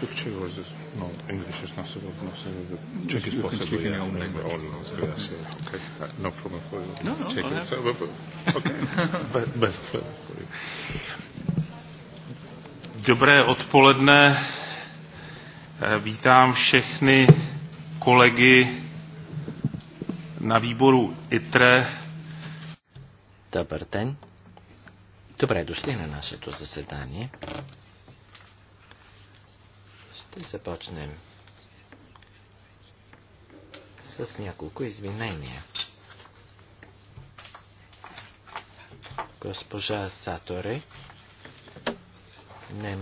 picture No, English is not so Czech is possible. Yeah, yeah. Okay, uh, no problem for you. No, no, so, but, okay. Best for you. Dobré odpoledne. Vítám všechny kolegy na výboru ITRE. den. Dobré, došli na naše to zasedání започнем с няколко извинения. Госпожа Саторе не,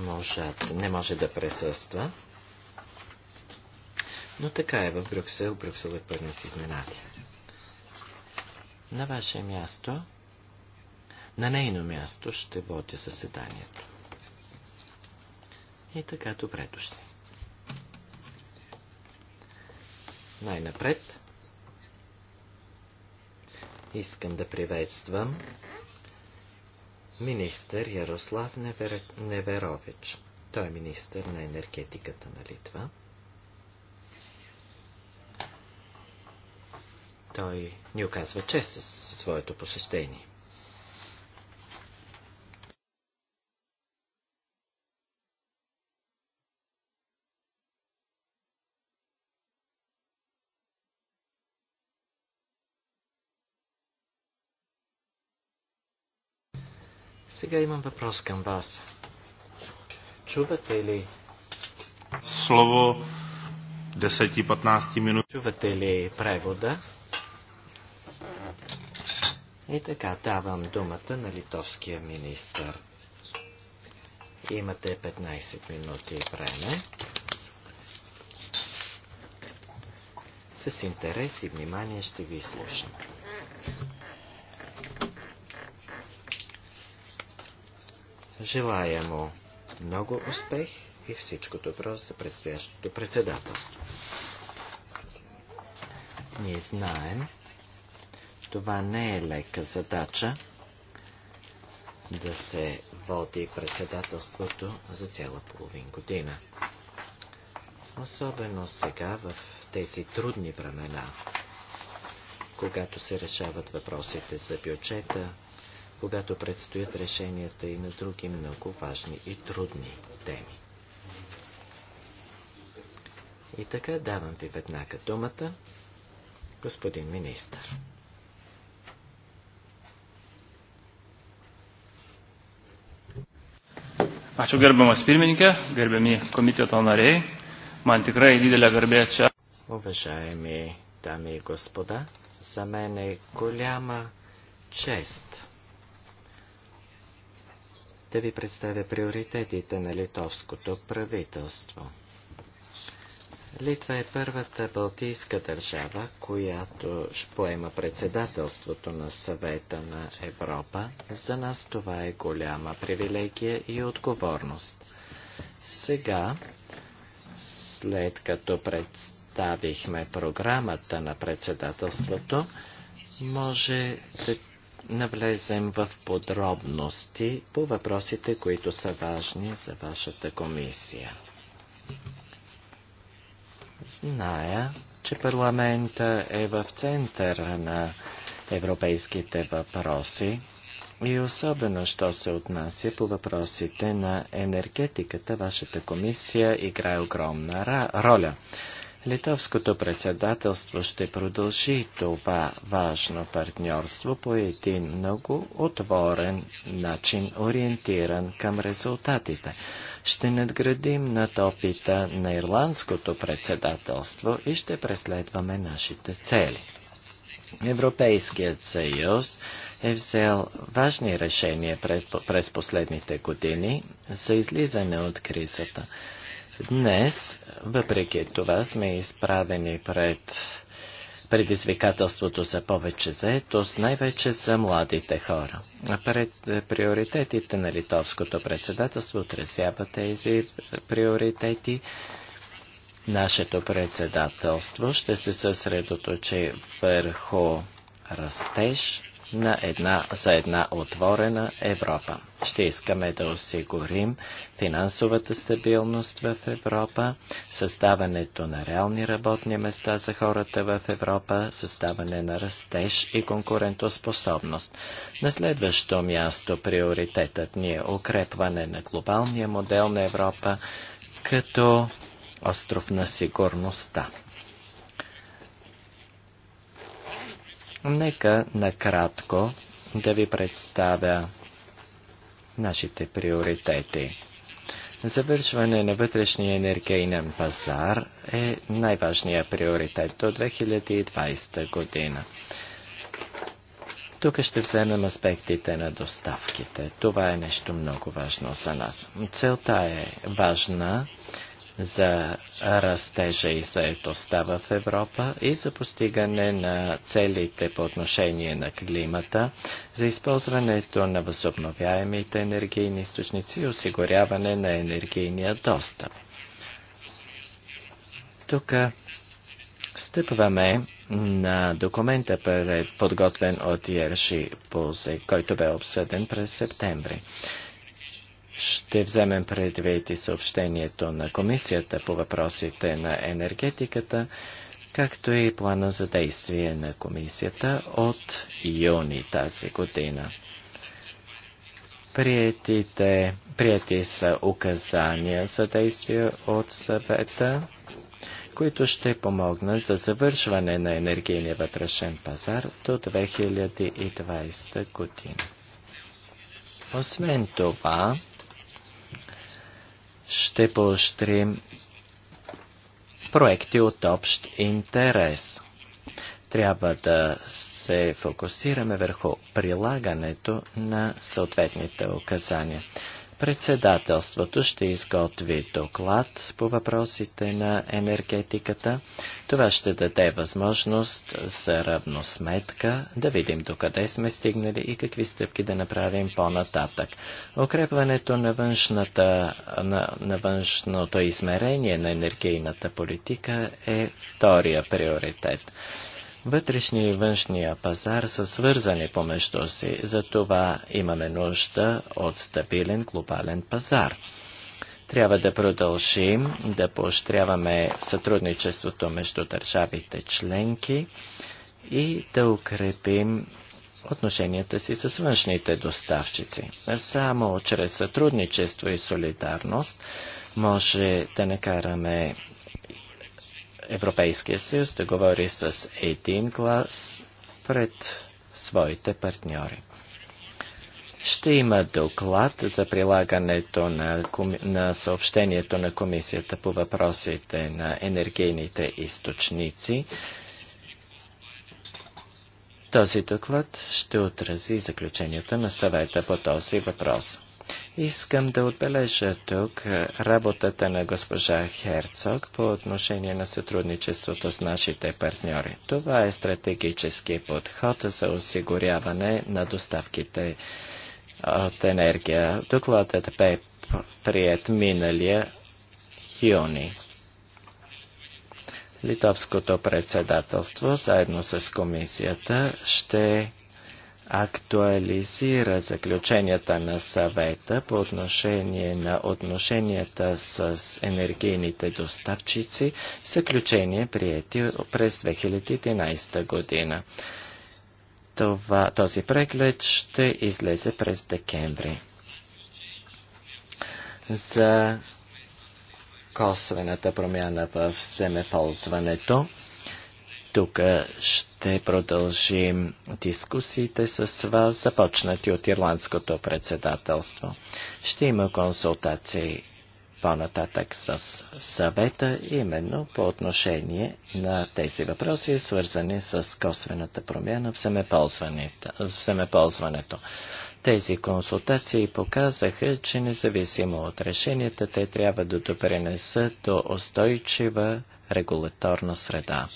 не може да присъства, но така е в Брюксел. Брюксел е пълен с изненади. На ваше място, на нейно място ще водя заседанието. И така добре дошли. Най-напред искам да приветствам министър Ярослав Невер... Неверович. Той е министър на енергетиката на Литва. Той ни оказва чест със своето посещение. Сега имам въпрос към вас. Чувате ли? Слово 10-15 минути. Чувате ли превода? И така, давам думата на литовския министр. Имате 15 минути време. С интерес и внимание ще ви слушам. Желая му много успех и всичко добро за предстоящото председателство. Ние знаем, това не е лека задача да се води председателството за цяла половин година. Особено сега в тези трудни времена, когато се решават въпросите за бюджета, когато предстоят решенията и на други много важни и трудни теми. И така давам ви веднага думата, господин министър. Ačiū gerbiamas pirmininkė, gerbiami komiteto nariai. Man tikrai didelė garbė čia. Уважаеми дами и господа, за мен е голяма чест да ви представя приоритетите на литовското правителство. Литва е първата балтийска държава, която поема председателството на съвета на Европа. За нас това е голяма привилегия и отговорност. Сега, след като представихме програмата на председателството, може да навлезем в подробности по въпросите, които са важни за вашата комисия. Зная, че парламента е в центъра на европейските въпроси и особено, що се отнася по въпросите на енергетиката, вашата комисия играе огромна роля. Литовското председателство ще продължи това важно партньорство по един много отворен начин, ориентиран към резултатите. Ще надградим над опита на ирландското председателство и ще преследваме нашите цели. Европейският съюз е взел важни решения през последните години за излизане от кризата. Днес, въпреки това, сме изправени пред предизвикателството за повече заетост, най-вече за младите хора. Пред приоритетите на литовското председателство отразява тези приоритети. Нашето председателство ще се съсредоточи върху растеж, на една, за една отворена Европа. Ще искаме да осигурим финансовата стабилност в Европа, създаването на реални работни места за хората в Европа, създаване на растеж и конкурентоспособност. На следващо място приоритетът ни е укрепване на глобалния модел на Европа като остров на сигурността. Нека накратко да ви представя нашите приоритети. Завършване на вътрешния енергийен пазар е най-важният приоритет до 2020 година. Тук ще вземем аспектите на доставките. Това е нещо много важно за нас. Целта е важна за растежа и заетостта в Европа и за постигане на целите по отношение на климата, за използването на възобновяемите енергийни източници и осигуряване на енергийния достъп. Тук стъпваме на документа, подготвен от Ерши Пузе, който бе обсъден през септември ще вземем предвид и съобщението на Комисията по въпросите на енергетиката, както и плана за действие на Комисията от юни тази година. Приятите, прияти са указания за действие от съвета, които ще помогнат за завършване на енергийния вътрешен пазар до 2020 година. Освен това, ще поощрим проекти от общ интерес. Трябва да се фокусираме върху прилагането на съответните указания. Председателството ще изготви доклад по въпросите на енергетиката. Това ще даде възможност за равносметка да видим докъде сме стигнали и какви стъпки да направим по-нататък. Укрепването на, външната, на, на външното измерение на енергийната политика е втория приоритет. Вътрешния и външния пазар са свързани помежду си, затова имаме нужда от стабилен глобален пазар. Трябва да продължим да поощряваме сътрудничеството между държавите членки и да укрепим отношенията си с външните доставчици. Само чрез сътрудничество и солидарност може да накараме Европейския съюз да говори с един глас пред своите партньори. Ще има доклад за прилагането на, коми... на съобщението на Комисията по въпросите на енергийните източници. Този доклад ще отрази заключенията на съвета по този въпрос. Искам да отбележа тук е, работата на госпожа Херцог по отношение на сътрудничеството с нашите партньори. Това е стратегически подход за осигуряване на доставките е, от енергия. Докладът бе прият миналия юни. Литовското председателство заедно с комисията ще актуализира заключенията на съвета по отношение на отношенията с енергийните доставчици, заключение приети през 2011 година. Това, този преглед ще излезе през декември. За косвената промяна в семеползването тук ще продължим дискусиите с вас, започнати от Ирландското председателство. Ще има консултации по-нататък с съвета, именно по отношение на тези въпроси, свързани с косвената промяна в семеползването. Тези консултации показаха, че независимо от решенията, те трябва да допринесат до устойчива регулаторна среда.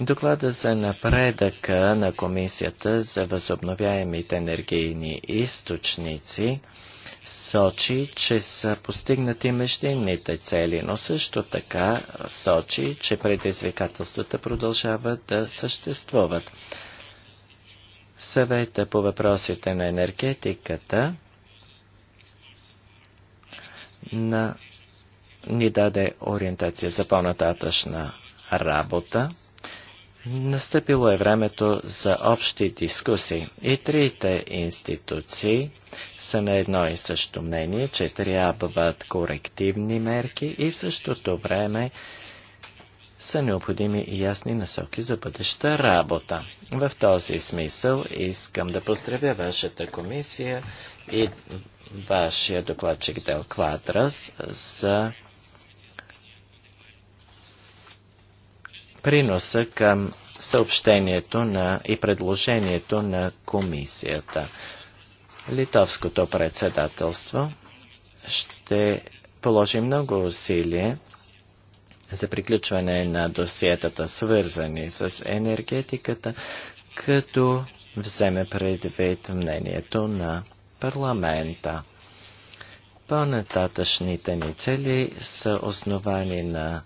Доклада за напредъка на Комисията за възобновяемите енергийни източници сочи, че са постигнати междинните цели, но също така сочи, че предизвикателствата продължават да съществуват. Съвета по въпросите на енергетиката на... ни даде ориентация за по-нататъчна работа. Настъпило е времето за общи дискусии. И трите институции са на едно и също мнение, че трябват корективни мерки и в същото време са необходими и ясни насоки за бъдеща работа. В този смисъл искам да поздравя вашата комисия и вашия докладчик Дел Квадрас за приноса към съобщението на, и предложението на комисията. Литовското председателство ще положи много усилие за приключване на досиетата, свързани с енергетиката, като вземе предвид мнението на парламента. По-нататъчните ни цели са основани на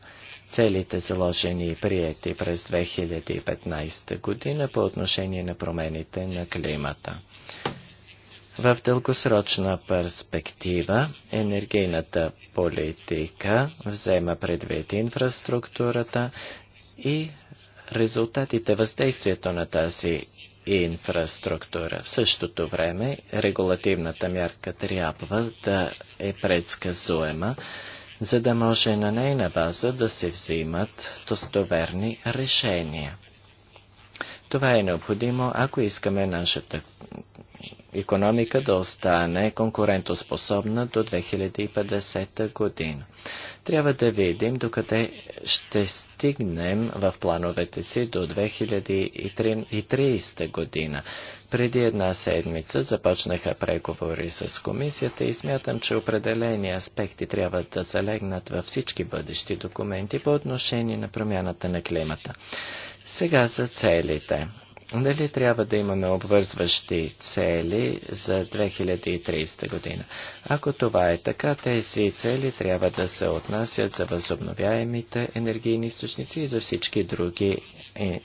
целите заложени и приети през 2015 година по отношение на промените на климата. В дългосрочна перспектива енергийната политика взема предвид инфраструктурата и резултатите, въздействието на тази инфраструктура. В същото време регулативната мярка трябва да е предсказуема за да може на нейна база да се взимат достоверни решения. Това е необходимо, ако искаме нашата економика да остане конкурентоспособна до 2050 година. Трябва да видим докъде ще стигнем в плановете си до 2030 година. Преди една седмица започнаха преговори с комисията и смятам, че определени аспекти трябва да залегнат във всички бъдещи документи по отношение на промяната на климата. Сега за целите. Дали трябва да имаме обвързващи цели за 2030 година? Ако това е така, тези цели трябва да се отнасят за възобновяемите енергийни източници и за всички други е,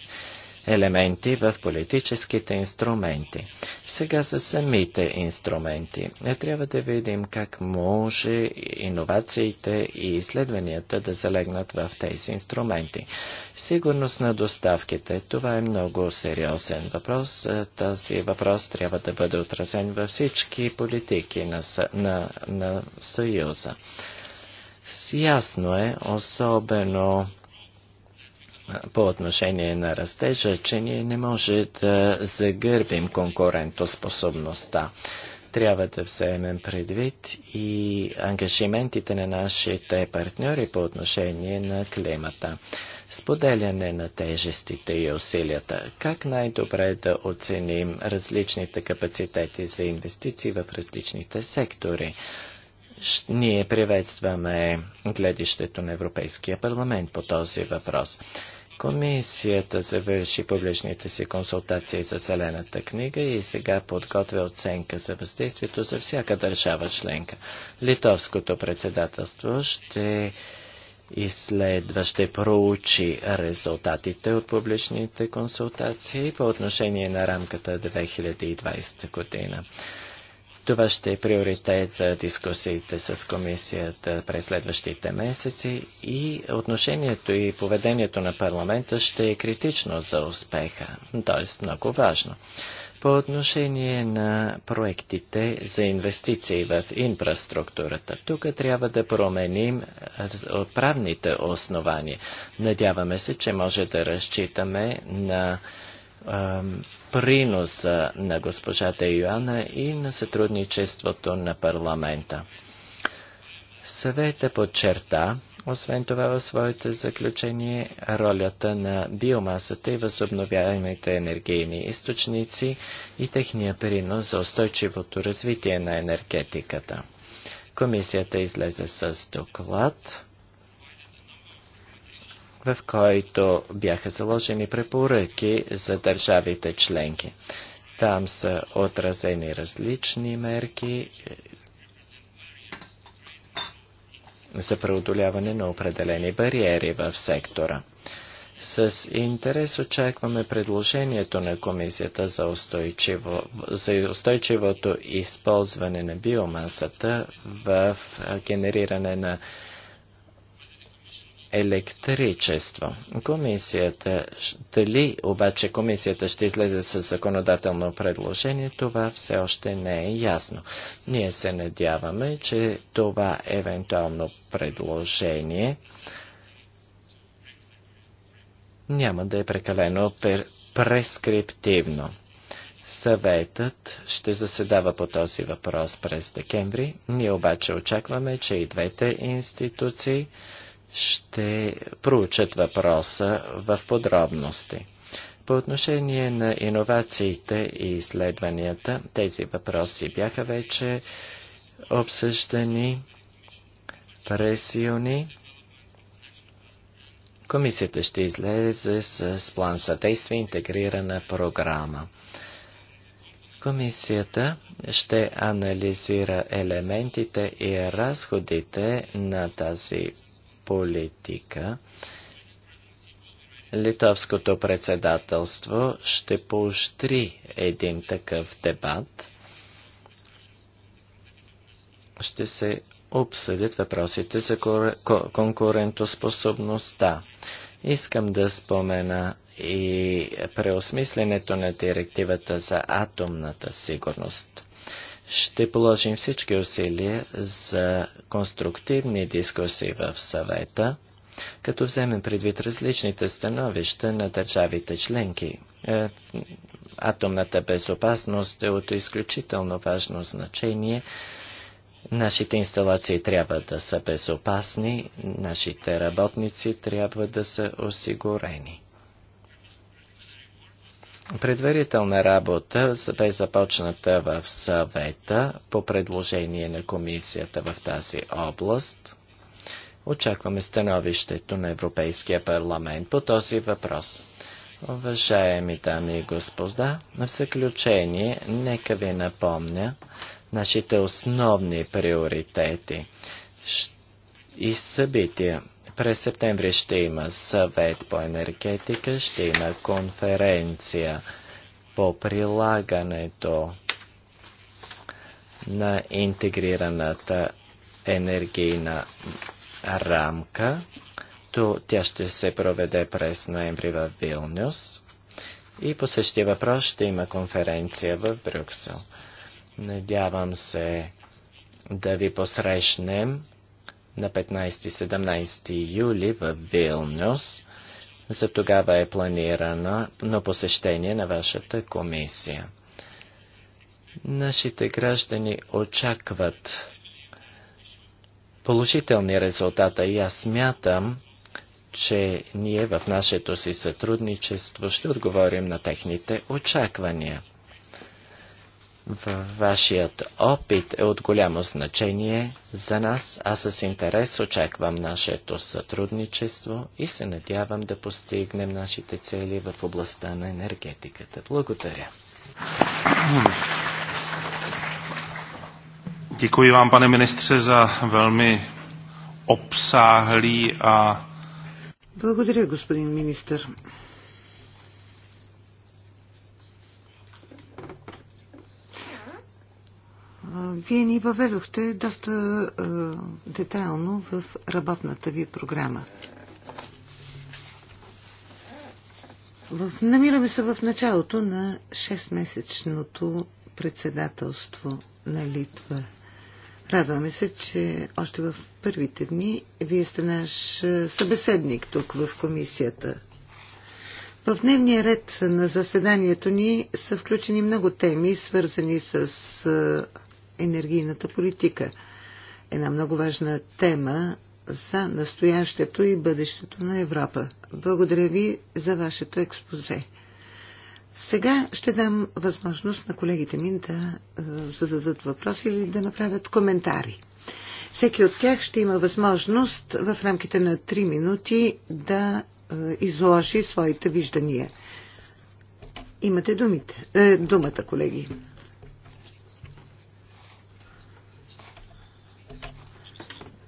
елементи в политическите инструменти. Сега са самите инструменти. Е, трябва да видим как може иновациите и изследванията да залегнат в тези инструменти. Сигурност на доставките. Това е много сериозен въпрос. Е, Тази въпрос трябва да бъде отразен във всички политики на, на, на Съюза. Ясно е, особено по отношение на растежа, че ние не може да загърбим конкурентоспособността. Трябва да вземем предвид и ангажиментите на нашите партньори по отношение на климата. Споделяне на тежестите и усилията. Как най-добре да оценим различните капацитети за инвестиции в различните сектори? Ние приветстваме гледището на Европейския парламент по този въпрос. Комисията завърши публичните си консултации за Зелената книга и сега подготвя оценка за въздействието за всяка държава членка. Литовското председателство ще изследва, ще проучи резултатите от публичните консултации по отношение на рамката 2020 година. Това ще е приоритет за дискусиите с комисията през следващите месеци и отношението и поведението на парламента ще е критично за успеха, т.е. много важно. По отношение на проектите за инвестиции в инфраструктурата, тук трябва да променим правните основания. Надяваме се, че може да разчитаме на приноса на госпожата Йоанна и на сътрудничеството на парламента. Съвета подчерта, освен това в своите заключение, ролята на биомасата и възобновяемите енергийни източници и техния принос за устойчивото развитие на енергетиката. Комисията излезе с доклад в който бяха заложени препоръки за държавите членки. Там са отразени различни мерки е, за преодоляване на определени бариери в сектора. С интерес очакваме предложението на Комисията за, устойчиво, за устойчивото използване на биомасата в е, генериране на електричество. Комисията, дали обаче комисията ще излезе с законодателно предложение, това все още не е ясно. Ние се надяваме, че това евентуално предложение няма да е прекалено прескриптивно. Съветът ще заседава по този въпрос през декември. Ние обаче очакваме, че и двете институции ще проучат въпроса в подробности. По отношение на иновациите и изследванията, тези въпроси бяха вече обсъждани през юни. Комисията ще излезе с план за действие интегрирана програма. Комисията ще анализира елементите и разходите на тази политика. Литовското председателство ще поощри един такъв дебат. Ще се обсъдят въпросите за конкурентоспособността. Искам да спомена и преосмисленето на директивата за атомната сигурност. Ще положим всички усилия за конструктивни дискусии в съвета, като вземем предвид различните становища на държавите членки. Е, атомната безопасност е от изключително важно значение. Нашите инсталации трябва да са безопасни, нашите работници трябва да са осигурени. Предварителна работа бе започната в съвета по предложение на комисията в тази област. Очакваме становището на Европейския парламент по този въпрос. Уважаеми дами и господа, на заключение нека ви напомня нашите основни приоритети и събития. През септември ще има съвет по енергетика, ще има конференция по прилагането на интегрираната енергийна рамка. То тя ще се проведе през ноември в Вилнюс. И по същия въпрос ще има конференция в Брюксел. Надявам се да ви посрещнем на 15-17 юли в Вилнюс. За тогава е планирано на посещение на вашата комисия. Нашите граждани очакват положителни резултата и аз смятам, че ние в нашето си сътрудничество ще отговорим на техните очаквания в Вашият опит е от голямо значение за нас. Аз с интерес очаквам нашето сътрудничество и се надявам да постигнем нашите цели в областта на енергетиката. Благодаря. Děkuji vám, pane ministře, za velmi obsáhlý a... Благодаря, господин министр. Вие ни въведохте доста детайлно в работната ви програма. Намираме се в началото на 6-месечното председателство на Литва. Радваме се, че още в първите дни вие сте наш събеседник тук в комисията. В дневния ред на заседанието ни са включени много теми, свързани с енергийната политика. Една много важна тема за настоящето и бъдещето на Европа. Благодаря ви за вашето експозе. Сега ще дам възможност на колегите ми да е, зададат въпроси или да направят коментари. Всеки от тях ще има възможност в рамките на 3 минути да е, изложи своите виждания. Имате думите, е, думата, колеги.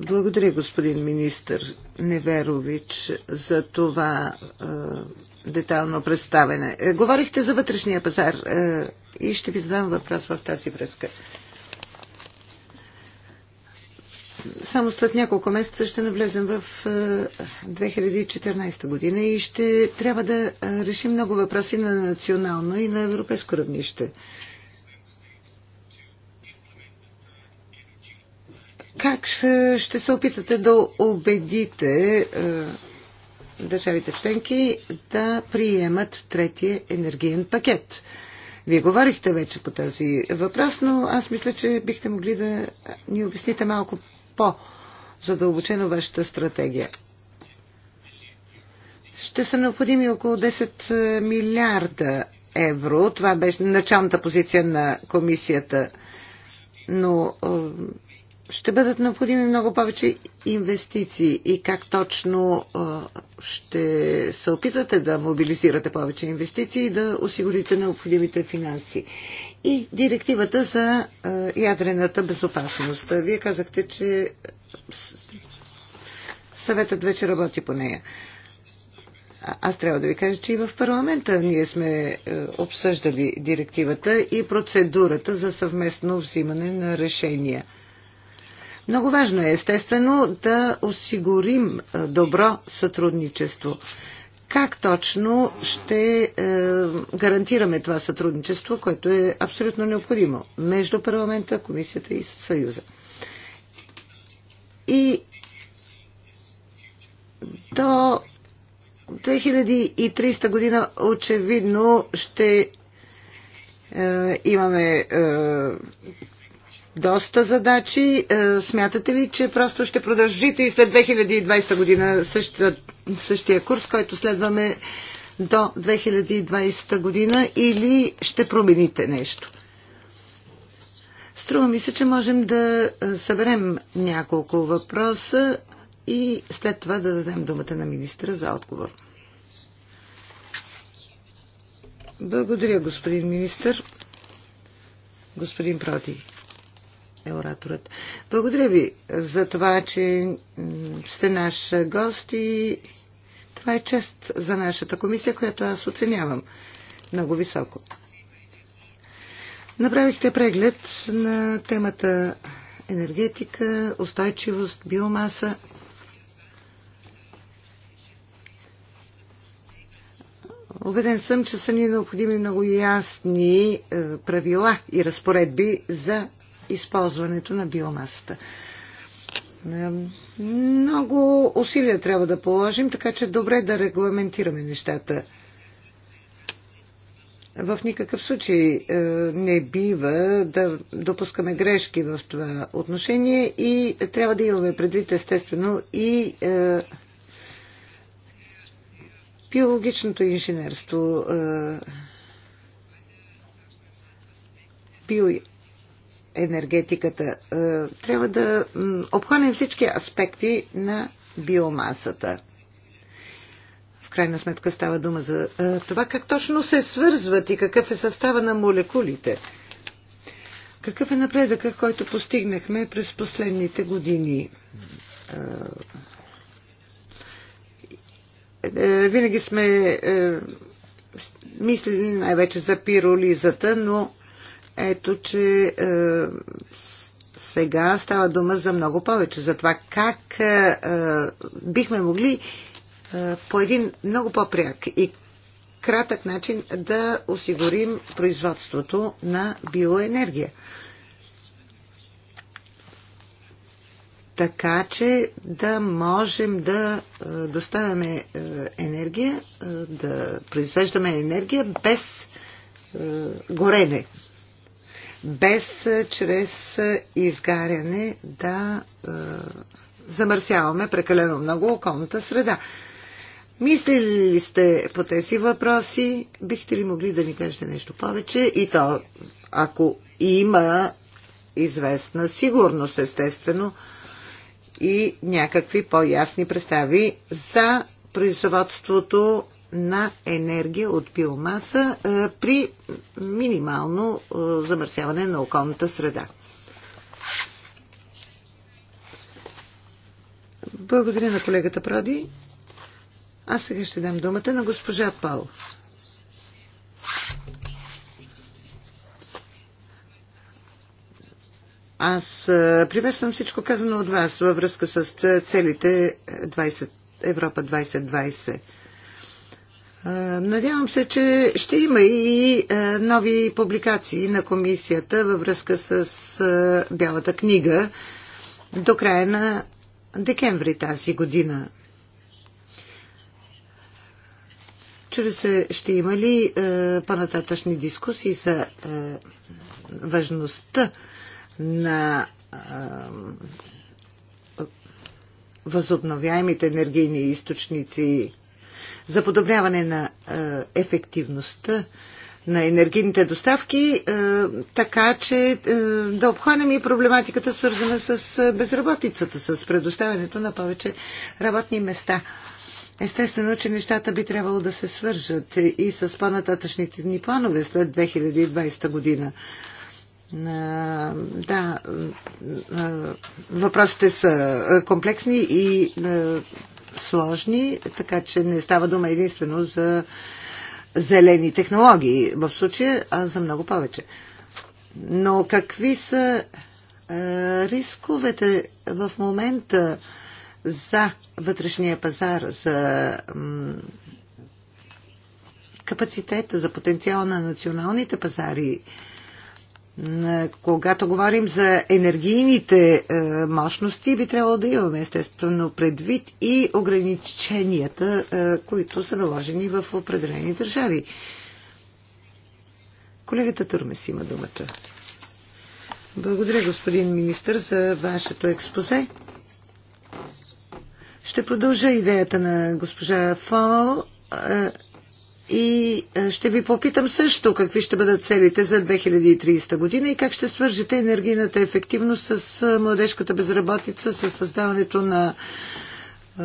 Благодаря, господин министр Неверович, за това е, детално представене. Е, говорихте за вътрешния пазар е, и ще ви задам въпрос в тази връзка. Само след няколко месеца ще навлезем в 2014 е, година и ще трябва да е, решим много въпроси на национално и на европейско равнище. Как ще, ще се опитате да убедите е, държавите членки да приемат третия енергиен пакет? Вие говорихте вече по този въпрос, но аз мисля, че бихте могли да ни обясните малко по-задълбочено вашата стратегия. Ще са необходими около 10 е, милиарда евро. Това беше началната позиция на комисията. Но е, ще бъдат необходими много повече инвестиции и как точно ще се опитате да мобилизирате повече инвестиции и да осигурите необходимите финанси. И директивата за ядрената безопасност. Вие казахте, че съветът вече работи по нея. Аз трябва да ви кажа, че и в парламента ние сме е, обсъждали директивата и процедурата за съвместно взимане на решения – много важно е, естествено, да осигурим добро сътрудничество. Как точно ще е, гарантираме това сътрудничество, което е абсолютно необходимо между парламента, комисията и съюза? И до 2300 година очевидно ще е, имаме е, доста задачи. Е, смятате ли, че просто ще продължите и след 2020 година същия, същия курс, който следваме до 2020 година или ще промените нещо? Струва ми се, че можем да е, съберем няколко въпроса и след това да дадем думата на министра за отговор. Благодаря, господин министр. Господин Проти е ораторът. Благодаря ви за това, че сте наш гост и това е чест за нашата комисия, която аз оценявам много високо. Направихте преглед на темата енергетика, устойчивост, биомаса. Обеден съм, че са ни необходими много ясни е, правила и разпоредби за използването на биомасата. Много усилия трябва да положим, така че добре да регламентираме нещата. В никакъв случай е, не бива да допускаме грешки в това отношение и трябва да имаме предвид естествено и е, биологичното инженерство, е, енергетиката. Е, трябва да обхванем всички аспекти на биомасата. В крайна сметка става дума за е, това как точно се свързват и какъв е състава на молекулите. Какъв е напредъкът, който постигнахме през последните години? Е, винаги сме мислили най-вече за пиролизата, но ето, че е, сега става дума за много повече, за това как е, е, бихме могли е, по един много по-пряк и кратък начин да осигурим производството на биоенергия. така че да можем да е, доставяме е, енергия, да произвеждаме енергия без горене, без е, чрез е, изгаряне да е, замърсяваме прекалено много околната среда. Мислили ли сте по тези въпроси? Бихте ли могли да ни кажете нещо повече? И то, ако има известна сигурност, естествено, и някакви по-ясни представи за производството на енергия от биомаса е, при минимално е, замърсяване на околната среда. Благодаря на колегата Проди. Аз сега ще дам думата на госпожа Пал. Аз е, приветствам всичко казано от вас във връзка с целите 20, Европа 2020. Надявам се, че ще има и нови публикации на комисията във връзка с Бялата книга до края на декември тази година. Чуде се, ще има ли по-нататъчни дискусии за важността на възобновяемите енергийни източници за подобряване на е, ефективността на енергийните доставки, е, така че е, да обхванем и проблематиката, свързана с безработицата, с предоставянето на повече работни места. Естествено, че нещата би трябвало да се свържат и с по-нататъчните дни планове след 2020 година. Да, въпросите са комплексни и сложни, така че не става дума единствено за зелени технологии в случая, а за много повече. Но какви са е, рисковете в момента за вътрешния пазар, за капацитета, за потенциала на националните пазари? Е, е, когато говорим за енергийните е, мощности, би трябвало да имаме естествено предвид и ограниченията, е, които са наложени в определени държави. Колегата Турмес има думата. Благодаря, господин министр, за вашето експозе. Ще продължа идеята на госпожа Фол и е, ще ви попитам също какви ще бъдат целите за 2030 година и как ще свържете енергийната ефективност с е, младежката безработица, с създаването на е,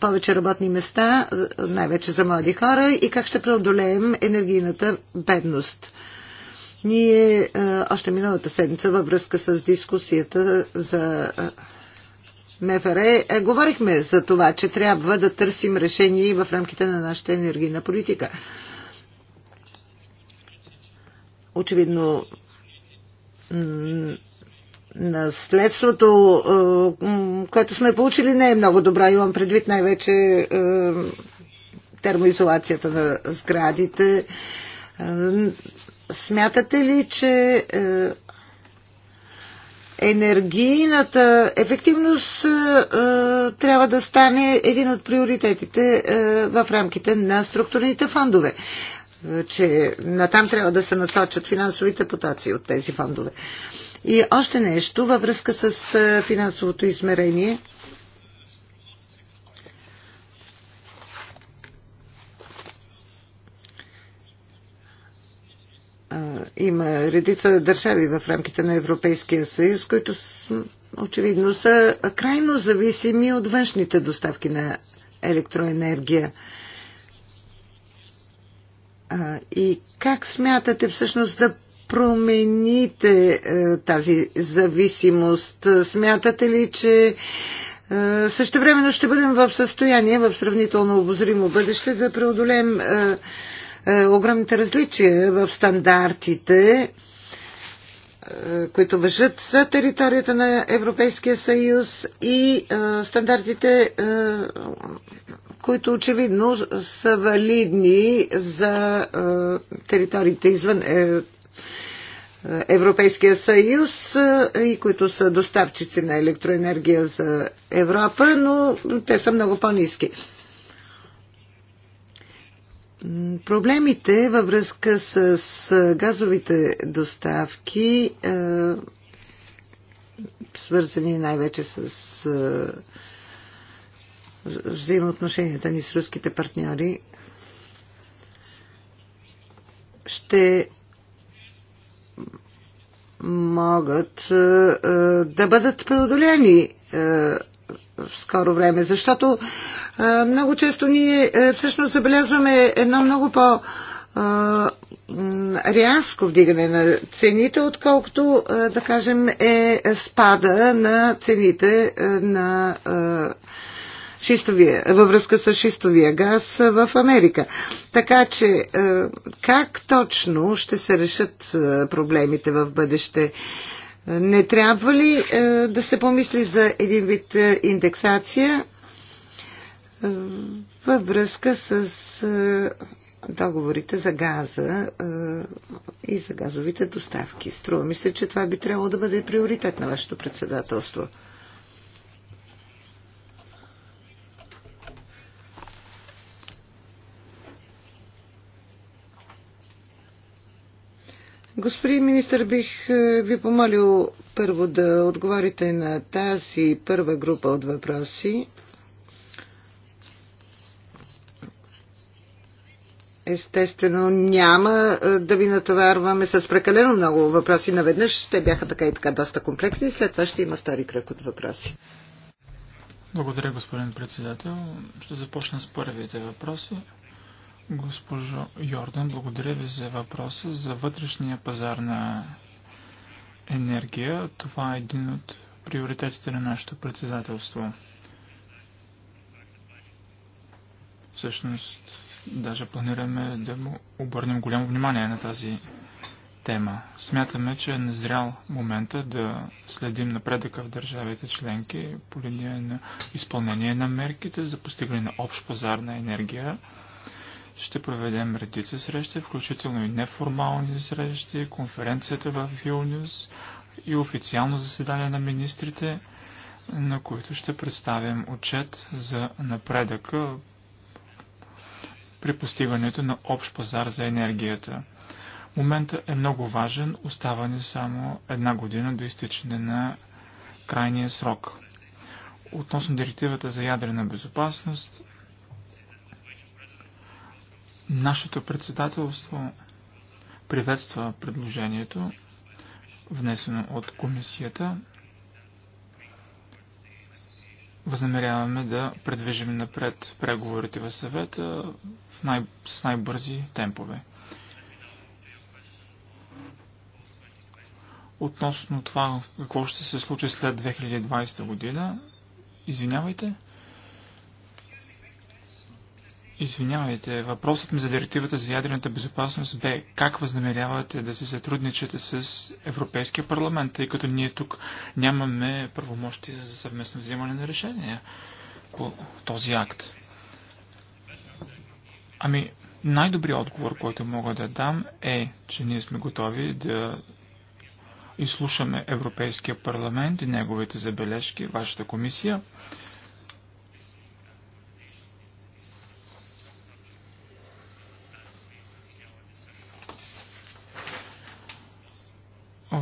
повече работни места, най-вече за млади хора и как ще преодолеем енергийната бедност. Ние още миналата седмица във връзка с дискусията за МФР, е, говорихме за това, че трябва да търсим решение и в рамките на нашата енергийна политика. Очевидно, наследството, е, което сме получили, не е много добра. Имам предвид най-вече е, термоизолацията на сградите. Е, смятате ли, че енергийната ефективност е, е, трябва да стане един от приоритетите е, в рамките на структурните фондове че натам трябва да се насочат финансовите потаци от тези фондове. И още нещо във връзка с финансовото измерение – има редица държави в рамките на Европейския съюз, които очевидно са крайно зависими от външните доставки на електроенергия. И как смятате всъщност да промените е, тази зависимост? Смятате ли, че е, също времено ще бъдем в състояние в сравнително обозримо бъдеще да преодолеем е, е, огромните различия в стандартите, е, които въжат за територията на Европейския съюз и е, стандартите, които очевидно са валидни за териториите извън Европейския съюз и които са доставчици на електроенергия за Европа, но те са много по-низки. Проблемите във връзка с газовите доставки, е, свързани най-вече с е, взаимоотношенията ни с руските партньори, ще могат е, да бъдат преодолени в скоро време, защото много често ние всъщност забелязваме едно много по- рязко вдигане на цените, отколкото, да кажем, е спада на цените на шистовия, във връзка с шистовия газ в Америка. Така че, как точно ще се решат проблемите в бъдеще? Не трябва ли е, да се помисли за един вид е, индексация е, във връзка с договорите за газа и за газовите доставки? Струва ми се, че това би трябвало да бъде приоритет на вашето председателство. Господин министр, бих е, ви помолил първо да отговорите на тази първа група от въпроси. Естествено, няма е, да ви натоварваме с прекалено много въпроси наведнъж. Те бяха така и така доста комплексни. След това ще има втори кръг от въпроси. Благодаря, господин председател. Ще започна с първите въпроси. Госпожо Йордан, благодаря ви за въпроса за вътрешния пазар на енергия. Това е един от приоритетите на нашето председателство. Всъщност, даже планираме да му обърнем голямо внимание на тази тема. Смятаме, че е назрял момента да следим напредъка в държавите членки по линия на изпълнение на мерките за постигане на общ пазар на енергия ще проведем редица срещи, включително и неформални срещи, конференцията в Вилнюс и официално заседание на министрите, на които ще представим отчет за напредъка при постигането на общ пазар за енергията. Момента е много важен, остава ни само една година до изтичане на крайния срок. Относно директивата за ядрена безопасност, Нашето председателство приветства предложението, внесено от комисията. Възнамеряваме да предвижим напред преговорите в съвета в най- с най-бързи темпове. Относно това какво ще се случи след 2020 година, извинявайте. Извинявайте, въпросът ми за директивата за ядрената безопасност бе как възнамерявате да се сътрудничате с Европейския парламент, тъй като ние тук нямаме правомощия за съвместно взимане на решения по този акт. Ами, най-добрият отговор, който мога да дам е, че ние сме готови да изслушаме Европейския парламент и неговите забележки, вашата комисия.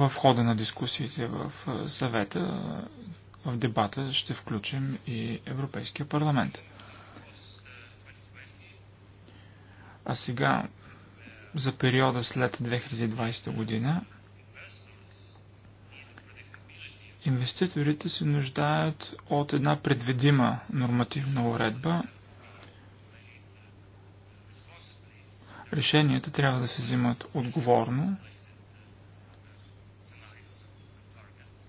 В хода на дискусиите в е, съвета, в дебата ще включим и Европейския парламент. А сега, за периода след 2020 година, инвеститорите се нуждаят от една предвидима нормативна уредба. Решенията трябва да се взимат отговорно,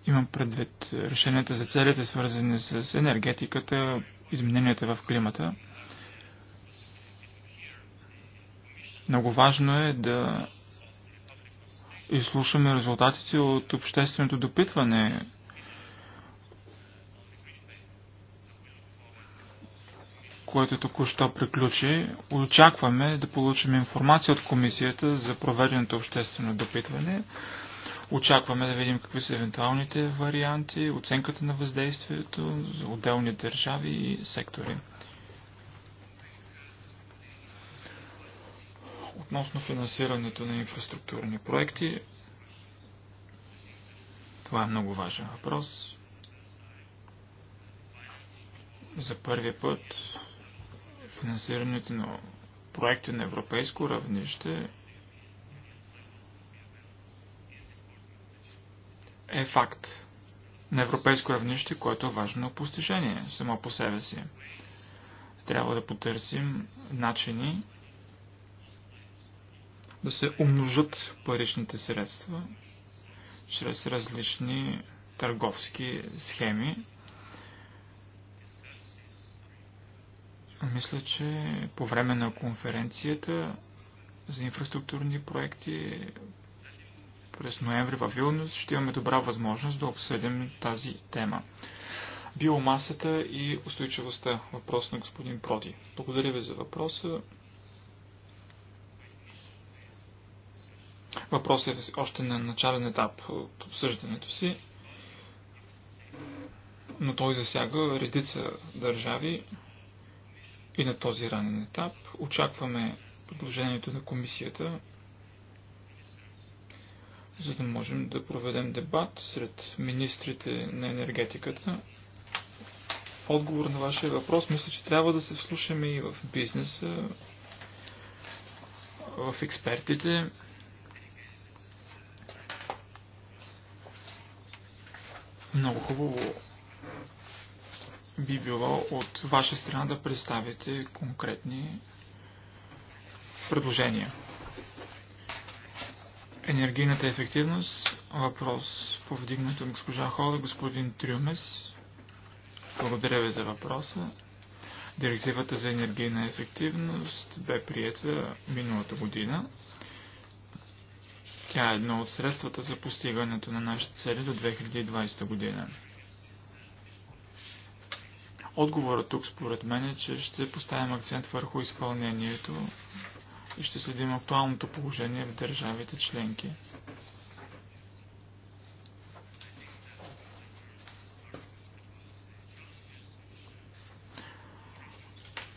Имам предвид е, решенията за целите, свързани с енергетиката, измененията в климата. Много важно е да изслушаме резултатите от общественото допитване. което току-що приключи. Очакваме да получим информация от комисията за проведеното обществено допитване. Очакваме да видим какви са евентуалните варианти, оценката на въздействието за отделни държави и сектори. Относно финансирането на инфраструктурни проекти, това е много важен въпрос. За първи път финансирането на проекти на европейско равнище е факт на европейско равнище, което е важно постижение само по себе си. Трябва да потърсим начини да се умножат паричните средства чрез различни търговски схеми. Мисля, че по време на конференцията за инфраструктурни проекти през ноември във Вилнюс ще имаме добра възможност да обсъдим тази тема. Биомасата и устойчивостта. Въпрос на господин Проди. Благодаря ви за въпроса. Въпросът е още на начален етап от обсъждането си, но той засяга редица държави и на този ранен етап. Очакваме предложението на комисията за да можем да проведем дебат сред министрите на енергетиката. В отговор на вашия въпрос, мисля, че трябва да се вслушаме и в бизнеса, в експертите. Много хубаво би било от ваша страна да представите конкретни предложения. Енергийната ефективност. Въпрос повдигнат от госпожа Хола, господин Трюмес. Благодаря ви за въпроса. Директивата за енергийна ефективност бе приета миналата година. Тя е едно от средствата за постигането на нашите цели до 2020 година. Отговорът тук според мен е, че ще поставим акцент върху изпълнението и ще следим актуалното положение в държавите членки.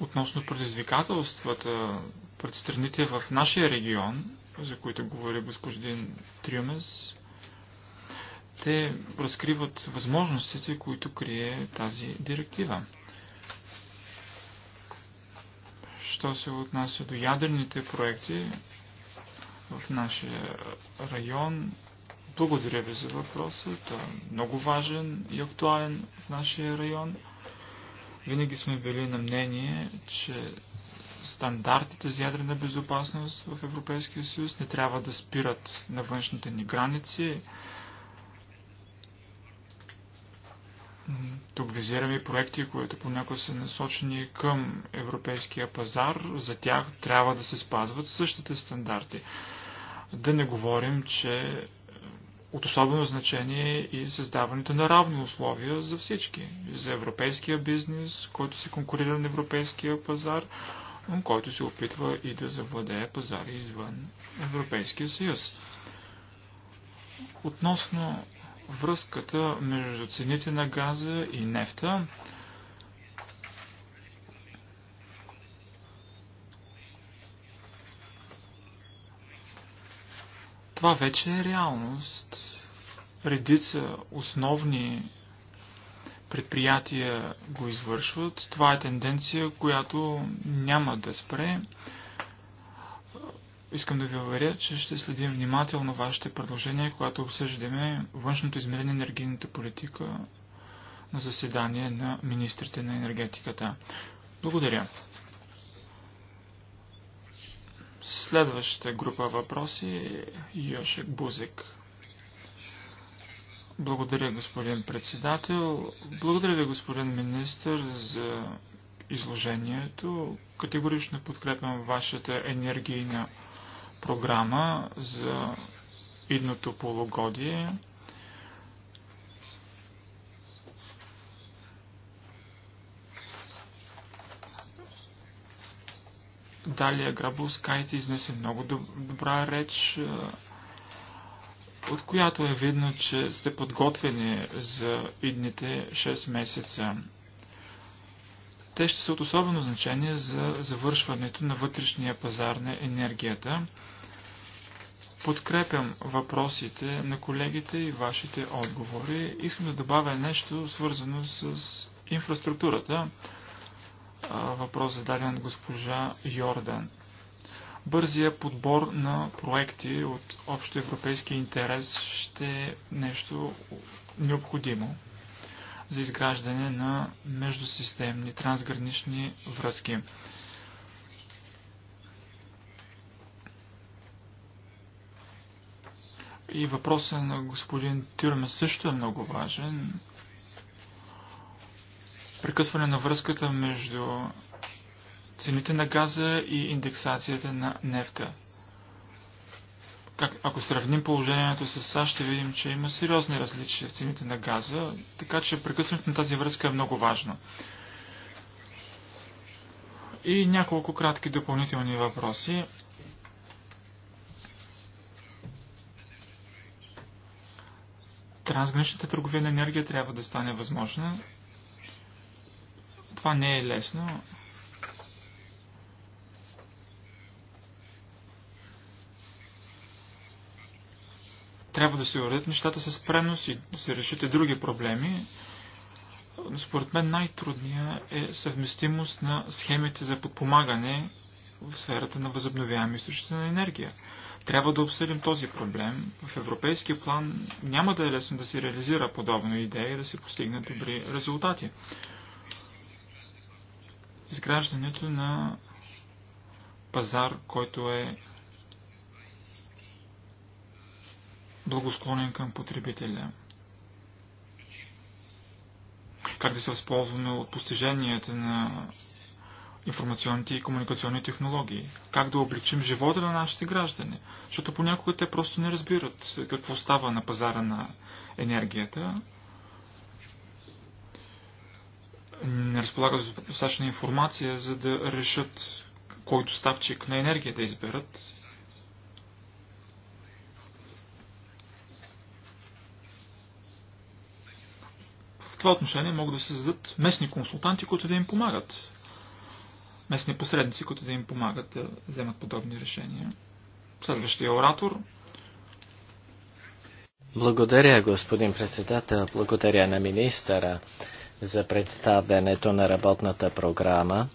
Относно предизвикателствата пред страните в нашия регион, за които говори господин Трюмес, те разкриват възможностите, които крие тази директива. Що се отнася до ядрените проекти в нашия район, благодаря ви за въпроса. Той е много важен и актуален в нашия район. Винаги сме били на мнение, че стандартите за ядрена безопасност в Европейския съюз не трябва да спират на външните ни граници. Тук визираме проекти, които понякога са насочени към европейския пазар. За тях трябва да се спазват същите стандарти. Да не говорим, че от особено значение е и създаването на равни условия за всички. За европейския бизнес, който се конкурира на европейския пазар, който се опитва и да завладее пазари извън Европейския съюз. Относно връзката между цените на газа и нефта. Това вече е реалност. Редица основни предприятия го извършват. Това е тенденция, която няма да спре. Искам да ви уверя, че ще следим внимателно вашите предложения, когато обсъждаме външното измерение на енергийната политика на заседание на министрите на енергетиката. Благодаря. Следващата група въпроси е Йошек Бузик. Благодаря, господин председател. Благодаря ви, господин министр, за изложението. Категорично подкрепям вашата енергийна политика програма за идното полугодие. Далия Скайт изнесе много добра реч, е, от която е видно, че сте подготвени за идните 6 месеца. Те ще са от особено значение за завършването на вътрешния пазар на енергията. Подкрепям въпросите на колегите и вашите отговори. Искам да добавя нещо свързано с инфраструктурата. Въпрос зададен от госпожа Йордан. Бързия подбор на проекти от общо европейски интерес ще е нещо необходимо за изграждане на междусистемни трансгранични връзки. И въпросът на господин Тюрме също е много важен. Прекъсване на връзката между цените на газа и индексацията на нефта как, ако сравним положението с САЩ, ще видим, че има сериозни различия в цените на газа, така че прекъсването на тази връзка е много важно. И няколко кратки допълнителни въпроси. Трансграничната търговия на енергия трябва да стане възможна. Това не е лесно. трябва да се уредят нещата с пренос и да се решите други проблеми. Но според мен най-трудния е съвместимост на схемите за подпомагане в сферата на възобновяеми източници на енергия. Трябва да обсъдим този проблем. В европейския план няма да е лесно да се реализира подобна идея и да се постигнат добри резултати. Изграждането на пазар, който е благосклонен към потребителя. Как да се възползваме от постиженията на информационните и комуникационни технологии. Как да обличим живота на нашите граждани. Защото понякога те просто не разбират какво става на пазара на енергията. Не разполагат с достатъчна информация, за да решат кой доставчик на енергия да изберат това отношение могат да се създадат местни консултанти, които да им помагат. Местни посредници, които да им помагат да вземат подобни решения. Следващия оратор. Благодаря, господин председател. Благодаря на министъра за представянето на работната програма.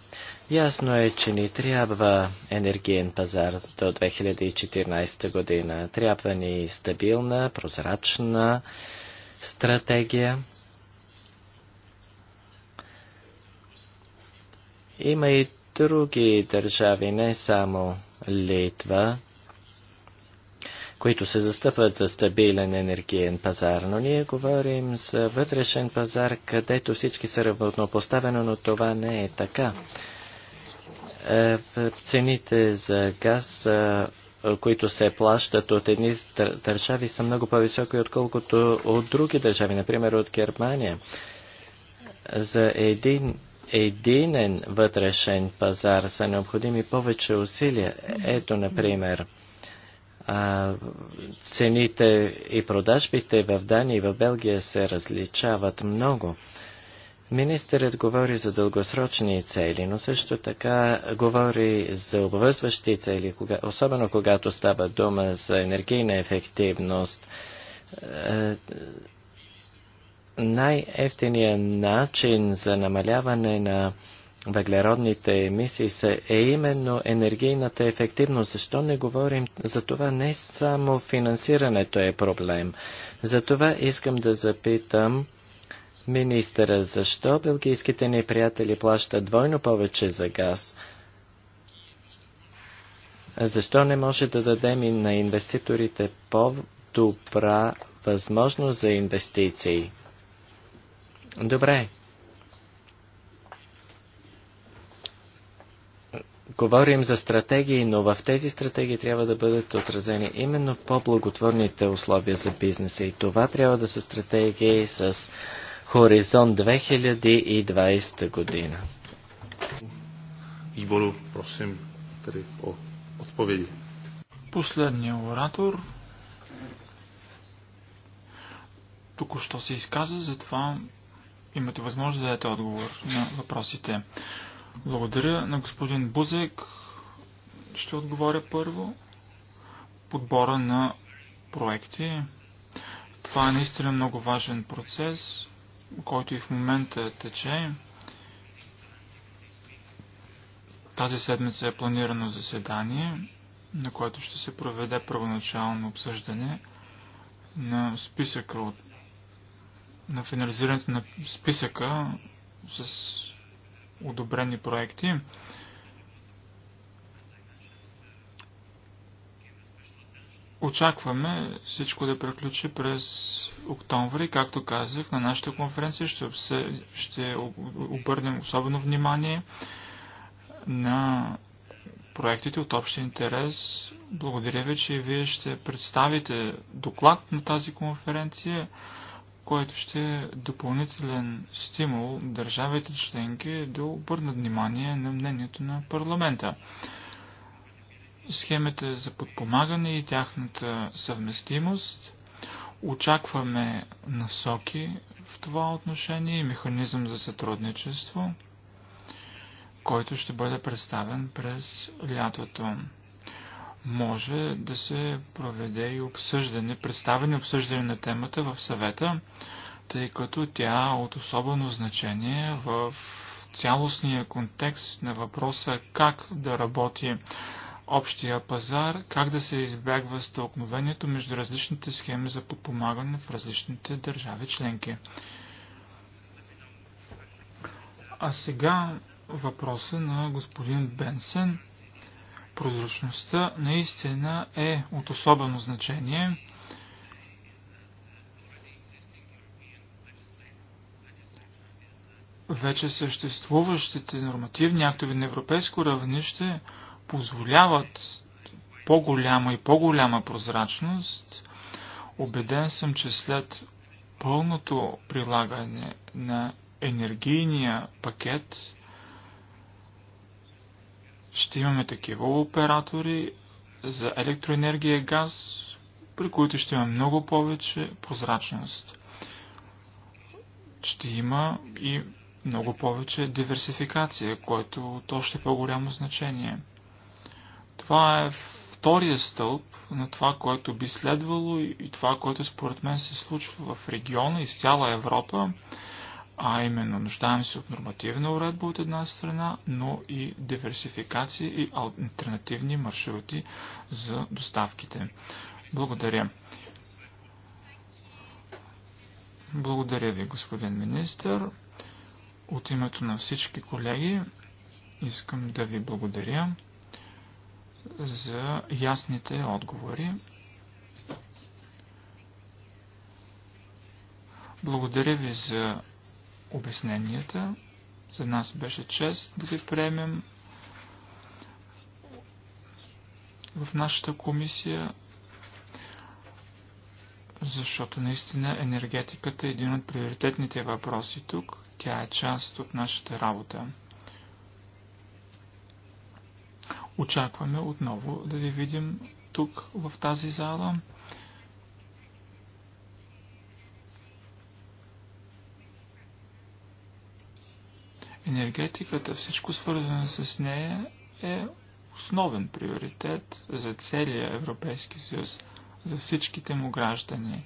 Ясно е, че ни трябва енергиен пазар до 2014 година. Трябва ни стабилна, прозрачна стратегия. Има и други държави, не само Литва, които се застъпват за стабилен енергиен пазар, но ние говорим за вътрешен пазар, където всички са равнопоставени, но това не е така. Е, цените за газ, е, които се плащат от едни държави, са много по-високи, отколкото от други държави, например от Германия. За един единен вътрешен пазар са необходими повече усилия. Ето, например, цените и продажбите в Дания и в Белгия се различават много. Министърът говори за дългосрочни цели, но също така говори за обвързващи цели, кога, особено когато става дума за енергийна ефективност. Е, най-ефтиният начин за намаляване на въглеродните емисии е именно енергийната ефективност. Защо не говорим за това? Не само финансирането е проблем. За това искам да запитам министъра, защо белгийските ни приятели плащат двойно повече за газ? Защо не може да дадем и на инвеститорите по-добра възможност за инвестиции? Добре. Говорим за стратегии, но в тези стратегии трябва да бъдат отразени именно по-благотворните условия за бизнеса и това трябва да са стратегии с хоризонт 2020 година. Výboru, просим три по отповеди. Последния оратор току-що се изказа, затова имате възможност да дадете отговор на въпросите. Благодаря на господин Бузек. Ще отговоря първо. Подбора на проекти. Това е наистина много важен процес, който и в момента тече. Тази седмица е планирано заседание, на което ще се проведе първоначално обсъждане на списъка от на финализирането на списъка с одобрени проекти. Очакваме всичко да приключи през октомври. Както казах, на нашата конференция ще, обсе... ще обърнем особено внимание на проектите от общ интерес. Благодаря ви, че вие ще представите доклад на тази конференция което ще е допълнителен стимул държавите членки да обърнат внимание на мнението на парламента. Схемите за подпомагане и тяхната съвместимост. Очакваме насоки в това отношение и механизъм за сътрудничество, който ще бъде представен през лятото може да се проведе и обсъждане, представене обсъждане на темата в съвета, тъй като тя е от особено значение в цялостния контекст на въпроса как да работи общия пазар, как да се избягва стълкновението между различните схеми за подпомагане в различните държави членки. А сега въпроса на господин Бенсен – Прозрачността наистина е от особено значение. Вече съществуващите нормативни актове на европейско равнище позволяват по-голяма и по-голяма прозрачност. Обеден съм, че след пълното прилагане на енергийния пакет ще имаме такива оператори за електроенергия и газ, при които ще има много повече прозрачност. Ще има и много повече диверсификация, което от още по-голямо значение. Това е втория стълб на това, което би следвало и това, което според мен се случва в региона и с цяла Европа а именно, нуждаем се от нормативна уредба от една страна, но и диверсификация и альтернативни маршрути за доставките. Благодаря. Благодаря ви, господин министр. От името на всички колеги искам да ви благодаря за ясните отговори. Благодаря ви за обясненията. За нас беше чест да ви приемем в нашата комисия, защото наистина енергетиката е един от приоритетните въпроси тук. Тя е част от нашата работа. Очакваме отново да ви видим тук в тази зала. Енергетиката, всичко свързано с нея е основен приоритет за целия Европейски съюз, за всичките му граждани.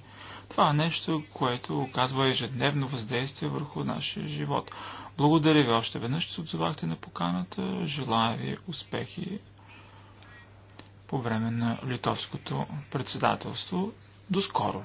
Това е нещо, което оказва ежедневно въздействие върху нашия живот. Благодаря ви още веднъж, че се отзовахте на поканата. Желая ви успехи по време на литовското председателство. До скоро!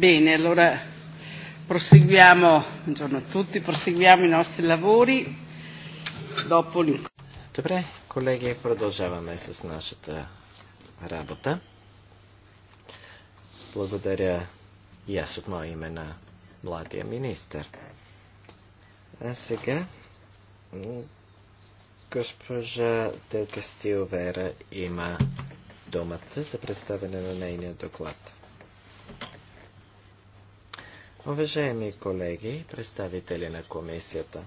Bene, allora proseguiamo, buongiorno a tutti, proseguiamo i nostri lavori dopo Добре, колеги, продължаваме с нашата работа. Благодаря и аз от мое име на младия министр. А сега госпожа Телка Стилвера има думата за представяне на нейния доклад. Уважаеми колеги, представители на комисията,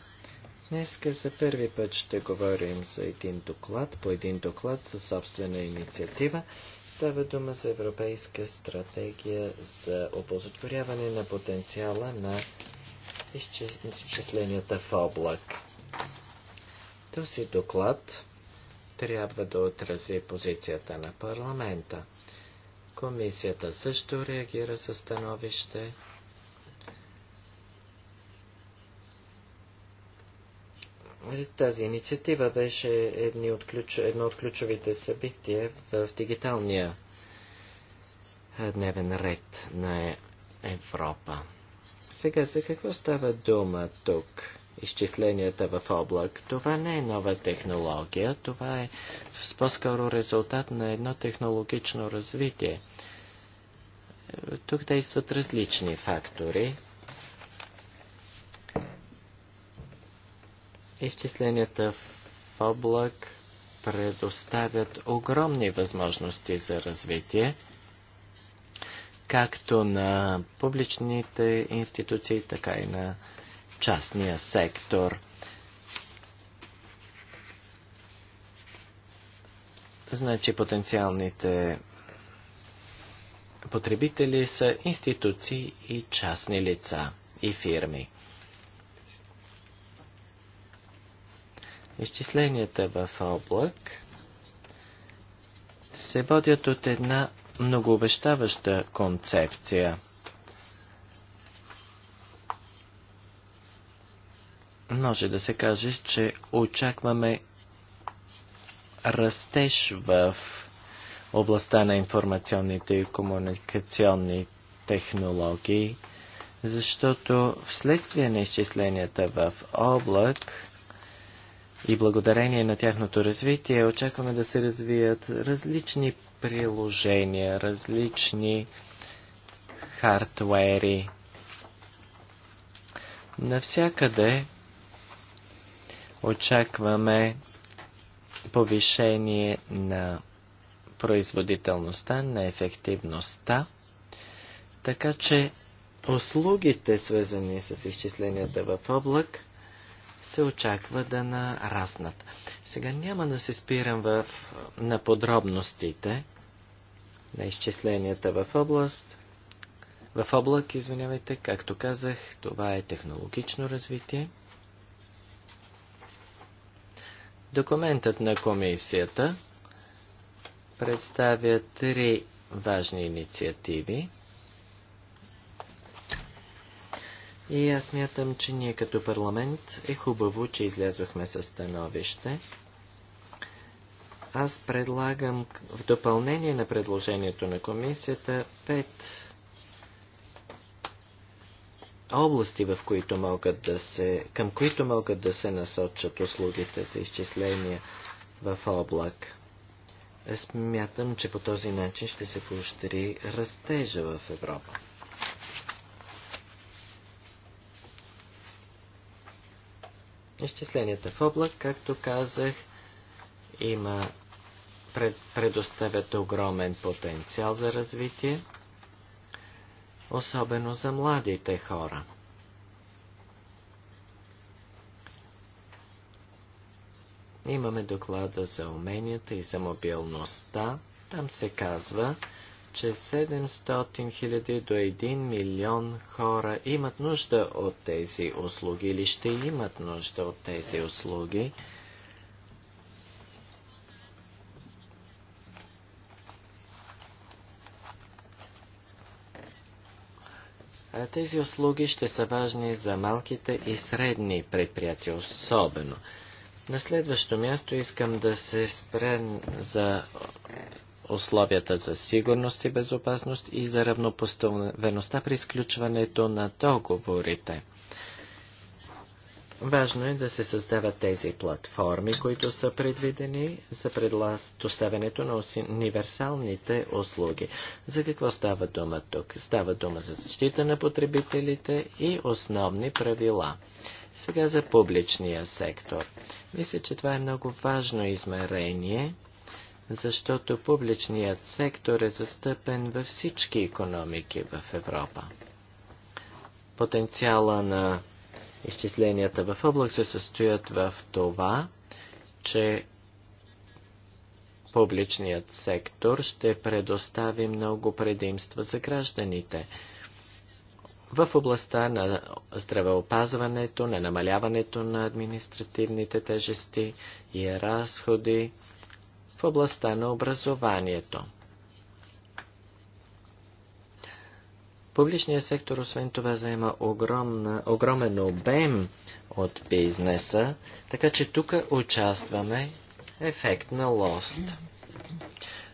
днес за първи път ще говорим за един доклад, по един доклад със собствена инициатива. Става дума за Европейска стратегия за оползотворяване на потенциала на изчисленията в облак. Този доклад трябва да отрази позицията на парламента. Комисията също реагира със становище Нали, тази инициатива беше едни от ключ... едно от ключовите събития в дигиталния дневен ред на е, Европа. Сега за какво става дума тук? Изчисленията в облак. Това не е нова технология, това е по-скоро резултат на едно технологично развитие. Тук действат различни фактори. Изчисленията в облак предоставят огромни възможности за развитие, както на публичните институции, така и на частния сектор. Значи потенциалните потребители са институции и частни лица и фирми. Изчисленията в облак се водят от една многообещаваща концепция. Може да се каже, че очакваме растеж в областта на информационните и комуникационни технологии, защото вследствие на изчисленията в облак и благодарение на тяхното развитие очакваме да се развият различни приложения, различни хардвери. Навсякъде очакваме повишение на производителността, на ефективността, така че услугите, свързани с изчисленията в облак, се очаква да нараснат. Сега няма да се спирам в, на подробностите на изчисленията в област. В облак, извинявайте, както казах, това е технологично развитие. Документът на комисията представя три важни инициативи – И аз смятам, че ние като парламент е хубаво, че излязохме със становище. Аз предлагам в допълнение на предложението на комисията пет области, в които могат да се, към които могат да се насочат услугите за изчисления в облак. Смятам, че по този начин ще се поощри растежа в Европа. Изчисленията в облак, както казах, има, пред, предоставят огромен потенциал за развитие, особено за младите хора. Имаме доклада за уменията и за мобилността. Там се казва, че 700 000 до 1 милион хора имат нужда от тези услуги или ще имат нужда от тези услуги. тези услуги ще са важни за малките и средни предприятия особено. На следващо място искам да се спрем за условията за сигурност и безопасност и за равнопоставеността при изключването на договорите. Важно е да се създават тези платформи, които са предвидени за предоставянето на универсалните услуги. За какво става дума тук? Става дума за защита на потребителите и основни правила. Сега за публичния сектор. Мисля, че това е много важно измерение – защото публичният сектор е застъпен във всички економики в Европа. Потенциала на изчисленията в облак се състоят в това, че публичният сектор ще предостави много предимства за гражданите в областта на здравеопазването, на намаляването на административните тежести и разходи, в областта на образованието. Публичният сектор, освен това, заема огромна, огромен обем от бизнеса, така че тук участваме ефект на лост.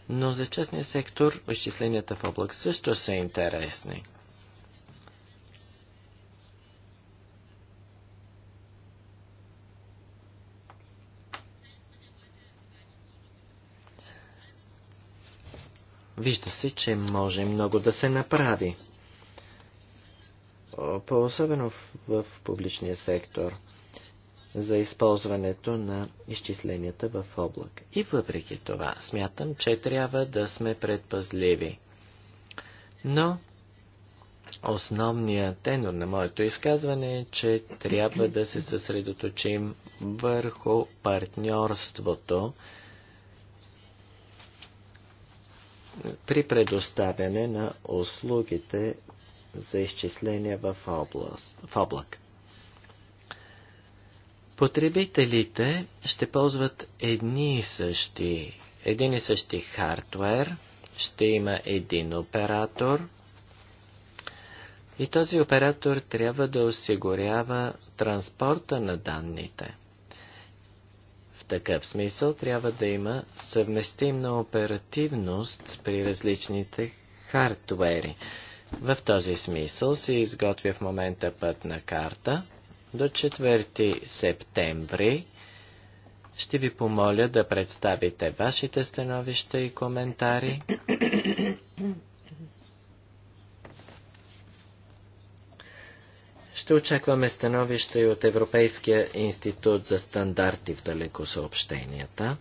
Но за частния сектор изчисленията в облак също са интересни. Вижда се, че може много да се направи. По-особено в, в публичния сектор за използването на изчисленията в облак. И въпреки това, смятам, че трябва да сме предпазливи. Но основният тенор на моето изказване е, че трябва да се съсредоточим върху партньорството при предоставяне на услугите за изчисления в, област, в облак. Потребителите ще ползват едни и същи, един и същи хардвер, ще има един оператор и този оператор трябва да осигурява транспорта на данните – такъв смисъл трябва да има съвместимна оперативност при различните хардвери. В този смисъл се изготвя в момента пътна карта. До 4 септември ще ви помоля да представите вашите становища и коментари Ще очакваме становище и от Европейския институт за стандарти в далекосъобщенията.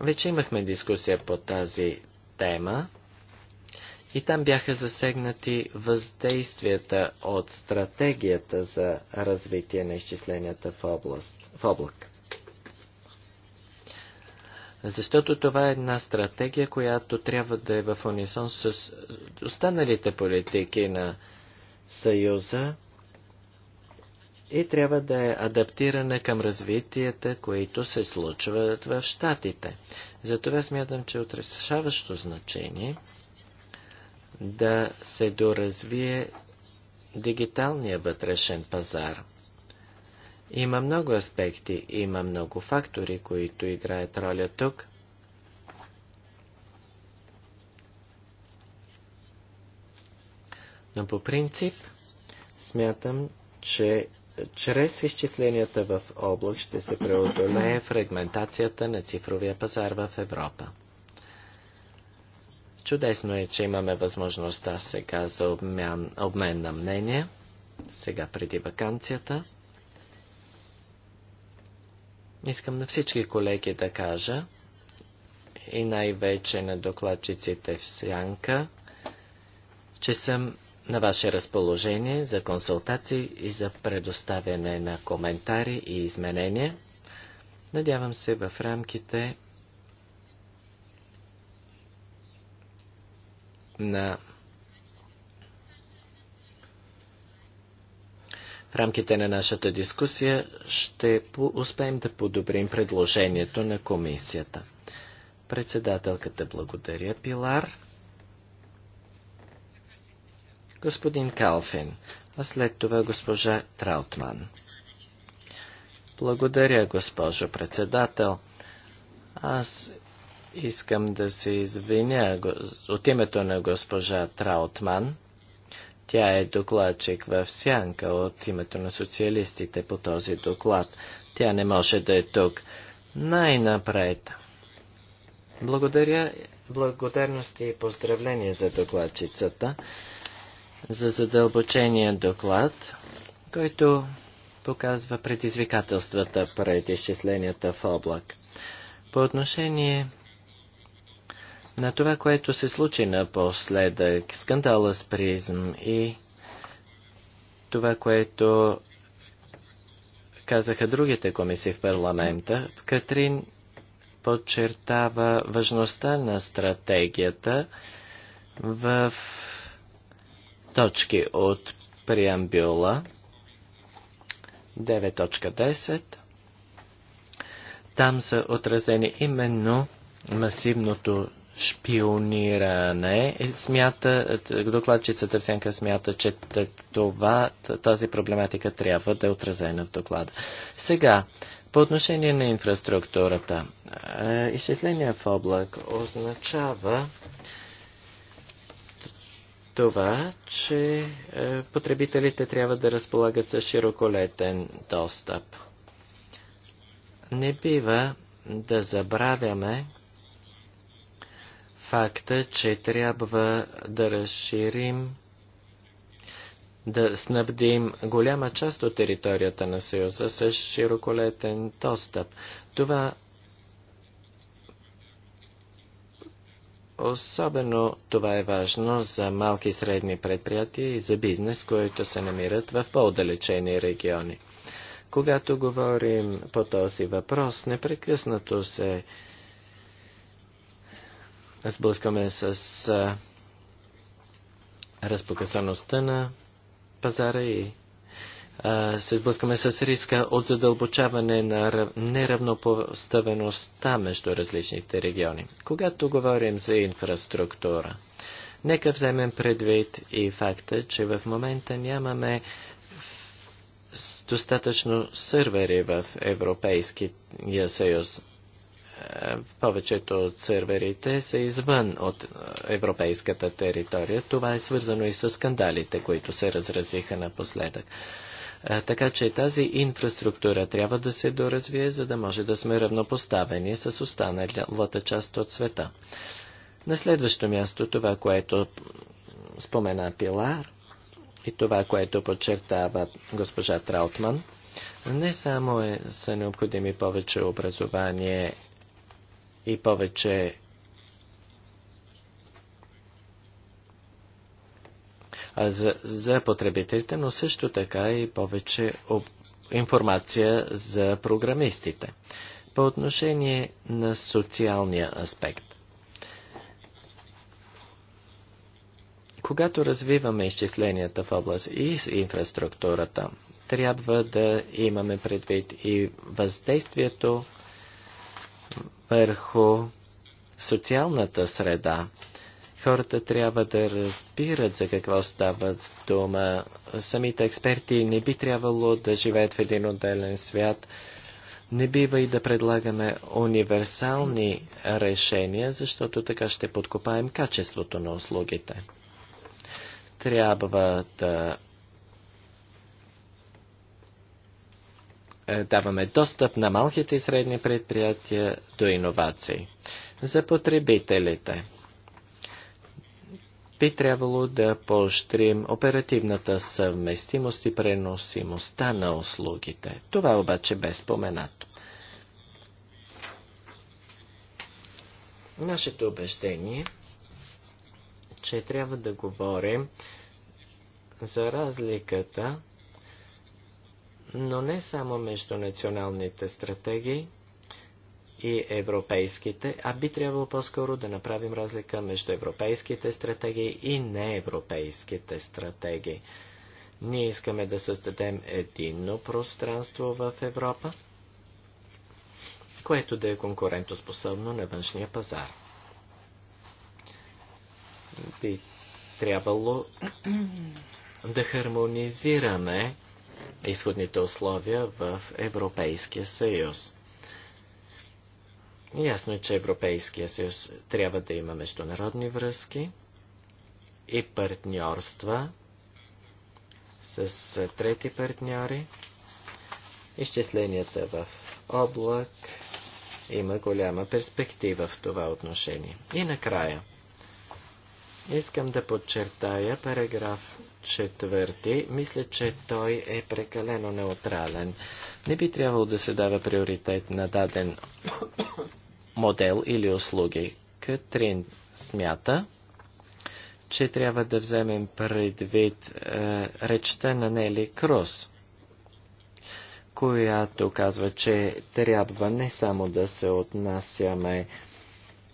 Вече имахме дискусия по тази тема и там бяха засегнати въздействията от стратегията за развитие на изчисленията в, област, в облак. Защото това е една стратегия, която трябва да е в унисон с останалите политики на Съюза и трябва да е адаптирана към развитията, които се случват в Штатите. Затова смятам, че е от решаващо значение да се доразвие дигиталния вътрешен пазар. Има много аспекти, има много фактори, които играят роля тук. Но по принцип смятам, че чрез изчисленията в облак ще се преодолее фрагментацията на цифровия пазар в Европа. Чудесно е, че имаме възможността сега за обмен, обмен на мнение, сега преди вакансията. Искам на всички колеги да кажа и най-вече на докладчиците в Сянка, че съм на ваше разположение за консултации и за предоставяне на коментари и изменения. Надявам се в рамките на в рамките на нашата дискусия ще успеем да подобрим предложението на комисията. Председателката благодаря, Пилар. Господин Калфин, а след това госпожа Траутман. Благодаря, госпожо председател. Аз искам да се извиня от името на госпожа Траутман – тя е докладчик в Сянка от името на социалистите по този доклад. Тя не може да е тук. Най-напред. Благодаря, благодарности и поздравления за докладчицата, за задълбочения доклад, който показва предизвикателствата пред изчисленията в облак. По отношение на това, което се случи напоследък, скандала с призм и това, което казаха другите комисии в парламента, Катрин подчертава важността на стратегията в точки от преамбюла 9.10. Там са отразени именно масивното шпиониране. Е, смята, е, докладчицата Всянка смята, че това, тази проблематика трябва да е отразена в доклада. Сега, по отношение на инфраструктурата, е, изчисление в облак означава това, че потребителите трябва да разполагат с широколетен достъп. Не бива да забравяме, факта, че трябва да разширим, да снабдим голяма част от територията на Съюза с широколетен достъп. Това Особено това е важно за малки и средни предприятия и за бизнес, които се намират в по-отдалечени региони. Когато говорим по този въпрос, непрекъснато се сблъскаме с разпокъсаността на пазара и се сблъскаме с риска от задълбочаване на неравнопоставеността между различните региони. Когато говорим за инфраструктура, нека вземем предвид и факта, че в момента нямаме достатъчно сървъри в Европейския съюз повечето от серверите са извън от е, европейската територия. Това е свързано и с скандалите, които се разразиха напоследък. Така че тази инфраструктура трябва да се доразвие, за да може да сме равнопоставени с останалата част от света. На следващо място това, което спомена Пилар и това, което подчертава госпожа Траутман – не само е, са необходими повече образование и повече за, за потребителите, но също така и повече об, информация за програмистите. По отношение на социалния аспект. Когато развиваме изчисленията в област и с инфраструктурата, трябва да имаме предвид и въздействието върху социалната среда. Хората трябва да разбират за какво става дума. Самите експерти не би трябвало да живеят в един отделен свят. Не бива и да предлагаме универсални решения, защото така ще подкопаем качеството на услугите. Трябва да Е, даваме достъп на малките и средни предприятия до иновации. За потребителите би трябвало да поощрим оперативната съвместимост и преносимостта на услугите. Това обаче бе споменато. Нашето убеждение, че трябва да говорим за разликата но не само между националните стратегии и европейските, а би трябвало по-скоро да направим разлика между европейските стратегии и неевропейските стратегии. Ние искаме да създадем единно пространство в Европа, което да е конкурентоспособно на външния пазар. Би трябвало да хармонизираме изходните условия в Европейския съюз. Ясно е, че Европейския съюз трябва да има международни връзки и партньорства с трети партньори. Изчисленията в облак има голяма перспектива в това отношение. И накрая, искам да подчертая параграф четвърти, мисля, че той е прекалено неутрален. Не би трябвало да се дава приоритет на даден модел или услуги. Катрин смята, че трябва да вземем предвид е, речта на Нели Крус, която казва, че трябва не само да се отнасяме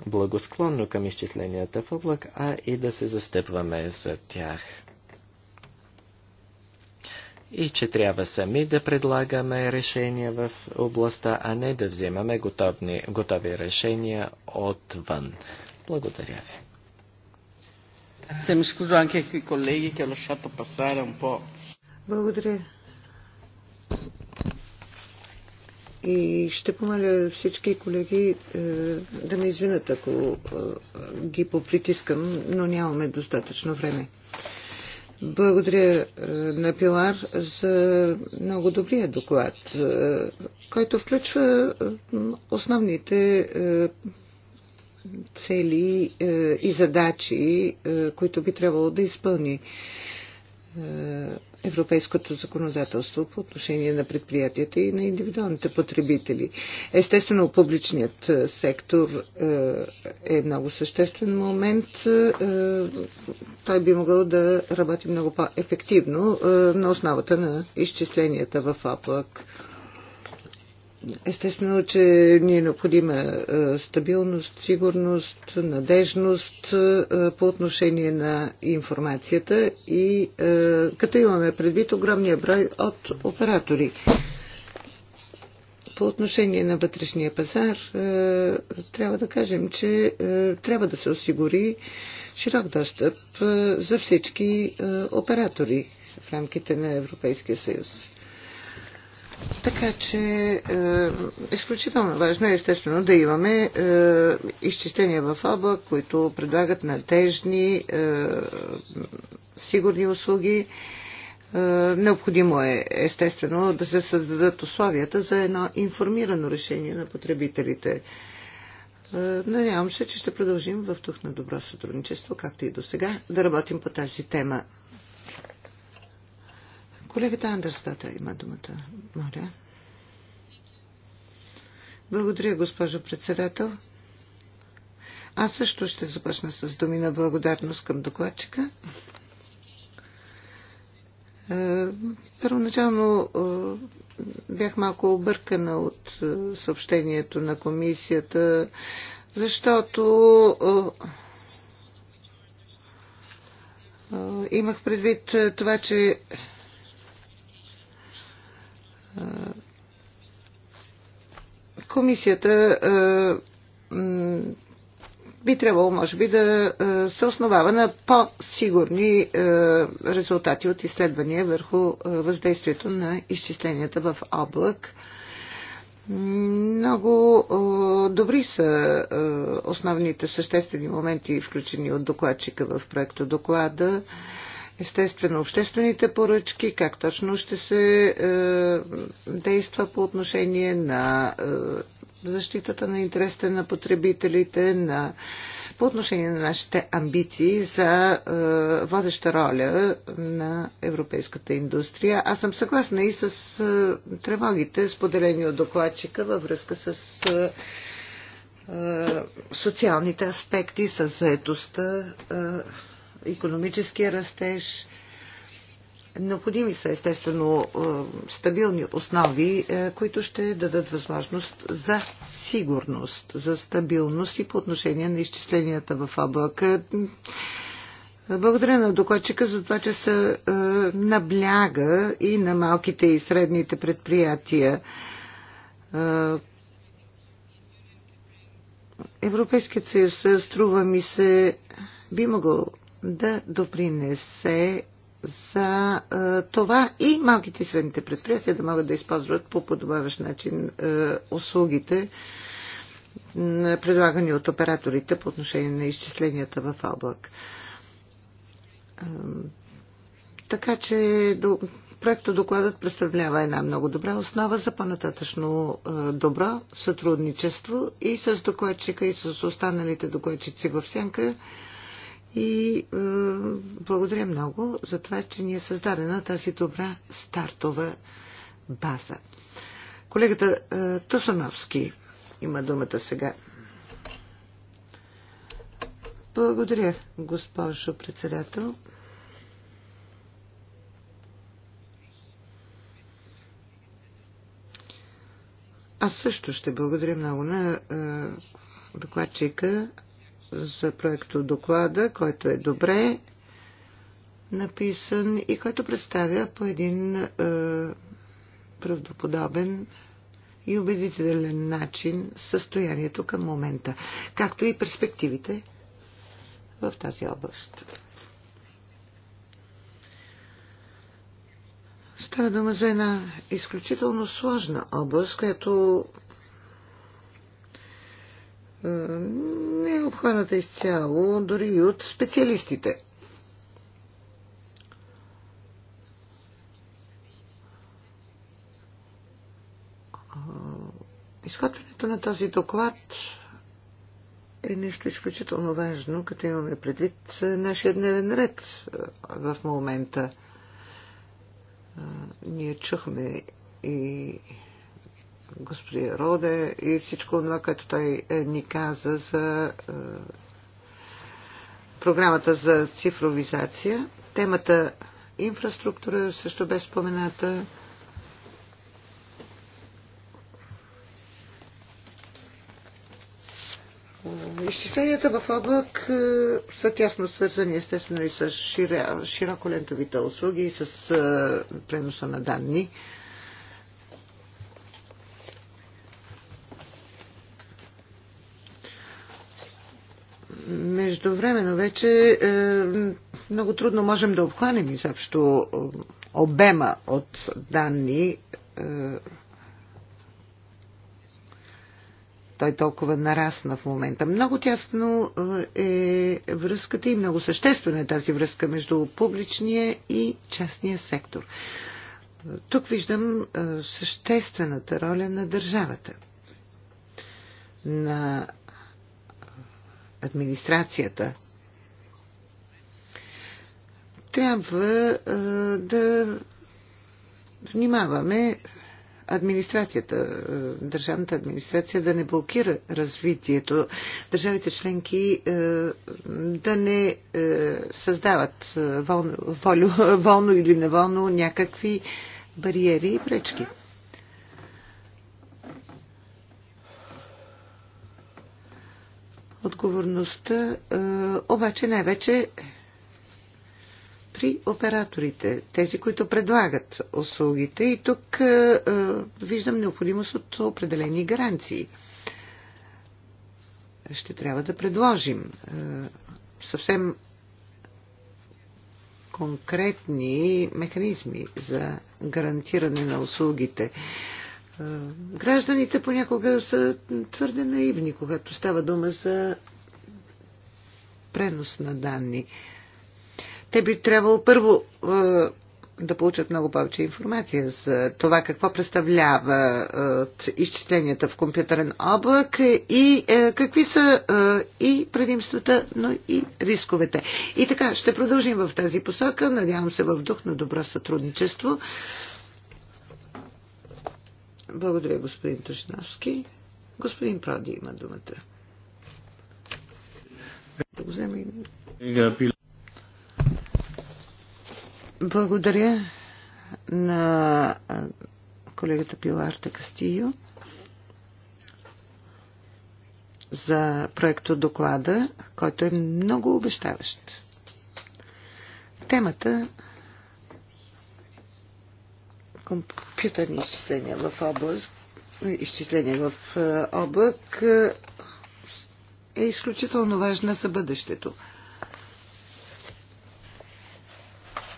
благосклонно към изчисленията в облак, а и да се застъпваме за тях и че трябва сами да предлагаме решения в областта, а не да вземаме готовни, готови решения отвън. Благодаря ви. Е Благодаря. И ще помоля всички колеги е, да ме извинят, ако е, ги попритискам, но нямаме достатъчно време. Благодаря е, на Пилар за много добрия доклад, е, който включва е, основните цели и задачи, които би трябвало да изпълни европейското законодателство по отношение на предприятията и на индивидуалните потребители. Естествено, публичният е, сектор е, е много съществен момент. Е, той би могъл да работи много по-ефективно на основата на изчисленията в облак. Естествено, че ни е необходима е, стабилност, сигурност, надежност е, по отношение на информацията и е, като имаме предвид огромния брой от оператори. По отношение на вътрешния пазар, трябва да кажем, че трябва да се осигури широк достъп за всички оператори в рамките на Европейския съюз. Така че е, изключително важно е естествено да имаме е, изчисления в АБА, които предлагат надежни, е, сигурни услуги. Е, необходимо е естествено да се създадат условията за едно информирано решение на потребителите. Е, надявам се, че ще продължим в дух на добро сътрудничество, както и до сега, да работим по тази тема. Колегата Андерстата има думата. Моля. Благодаря, госпожо председател. Аз също ще започна с думи на благодарност към докладчика. Е, първоначално е, бях малко объркана от е, съобщението на комисията, защото имах предвид това, че Комисията би трябвало, може би, да се основава на по-сигурни резултати от изследвания върху въздействието на изчисленията в облак. Много добри са основните съществени моменти, включени от докладчика в проекта доклада естествено обществените поръчки, как точно ще се е, действа по отношение на е, защитата на интересите на потребителите, на, по отношение на нашите амбиции за е, водеща роля на европейската индустрия. Аз съм съгласна и с е, тревогите, споделени от докладчика във връзка с. Е, е социалните аспекти, с заетостта, е, економическия растеж. Необходими са, естествено, е, стабилни основи, е, които ще дадат възможност за сигурност, за стабилност и по отношение на изчисленията в облака. Благодаря на докладчика за това, че се е, набляга и на малките и средните предприятия. Европейският съюз, струва ми се, би могъл да допринесе за е, това и малките и средните предприятия да могат да използват по подобаващ начин е, услугите, предлагани от операторите по отношение на изчисленията в облак. Така че проекто докладът представлява една много добра основа за по-нататъчно е, добро сътрудничество и с докладчика, и с останалите докладчици в Сянка и е, благодаря много за това, че ни е създадена тази добра стартова база. Колегата е, Тусановски има думата сега. Благодаря, госпожо председател. Аз също ще благодаря много на е, докладчика за проекто доклада, който е добре написан и който представя по един е, правдоподобен и убедителен начин състоянието към момента, както и перспективите в тази област. Става дума за една изключително сложна област, която е, обхваната изцяло дори и от специалистите. Изготвянето на този доклад е нещо изключително важно, като имаме предвид нашия дневен ред в момента. Ние чухме и господин Роде и всичко това, което той е, ни каза за е, програмата за цифровизация. Темата инфраструктура също бе спомената. Изчисленията в облак е, са тясно свързани естествено и с широколентовите услуги и с преноса на данни. Междувременно вече е, много трудно можем да обхванем изобщо е, обема от данни. Е, той толкова нарасна в момента. Много тясно е връзката и много съществена е тази връзка между публичния и частния сектор. Тук виждам съществената роля на държавата, на администрацията. Трябва а, да внимаваме администрацията, държавната администрация да не блокира развитието, държавите членки да не създават волно, волю, волно или неволно някакви бариери и пречки. отговорността, е, обаче най-вече при операторите, тези, които предлагат услугите. И тук е, е, виждам необходимост от определени гаранции. Ще трябва да предложим съвсем конкретни механизми за гарантиране на услугите. Е, гражданите понякога са твърде наивни, когато става дума за пренос на данни. Те би трябвало първо е, да получат много повече информация за това какво представляват е, изчисленията в компютърен облак и какви са и предимствата, но и рисковете. И така, ще продължим в тази посока, надявам се в дух на добро сътрудничество благодаря, господин Тушнавски. Господин Пради, има думата. Да го взема и... Благодаря на колегата Пиларта Кастио за проекто доклада, който е много обещаващ. Темата компютърни изчисления в облак, изчисления в е, облак е, е изключително важна за бъдещето.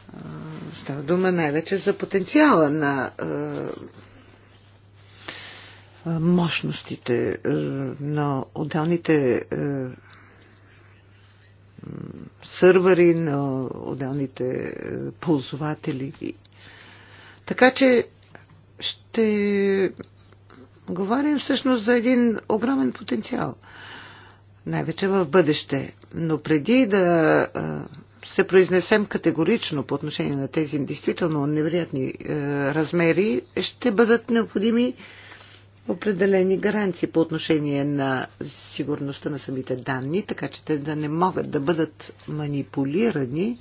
Е, става дума най-вече за потенциала на мощностите на отделните сървъри, на отделните ползватели така че ще говорим всъщност за един огромен потенциал. Най-вече в бъдеще. Но преди да се произнесем категорично по отношение на тези действително невероятни размери, ще бъдат необходими определени гаранции по отношение на сигурността на самите данни, така че те да не могат да бъдат манипулирани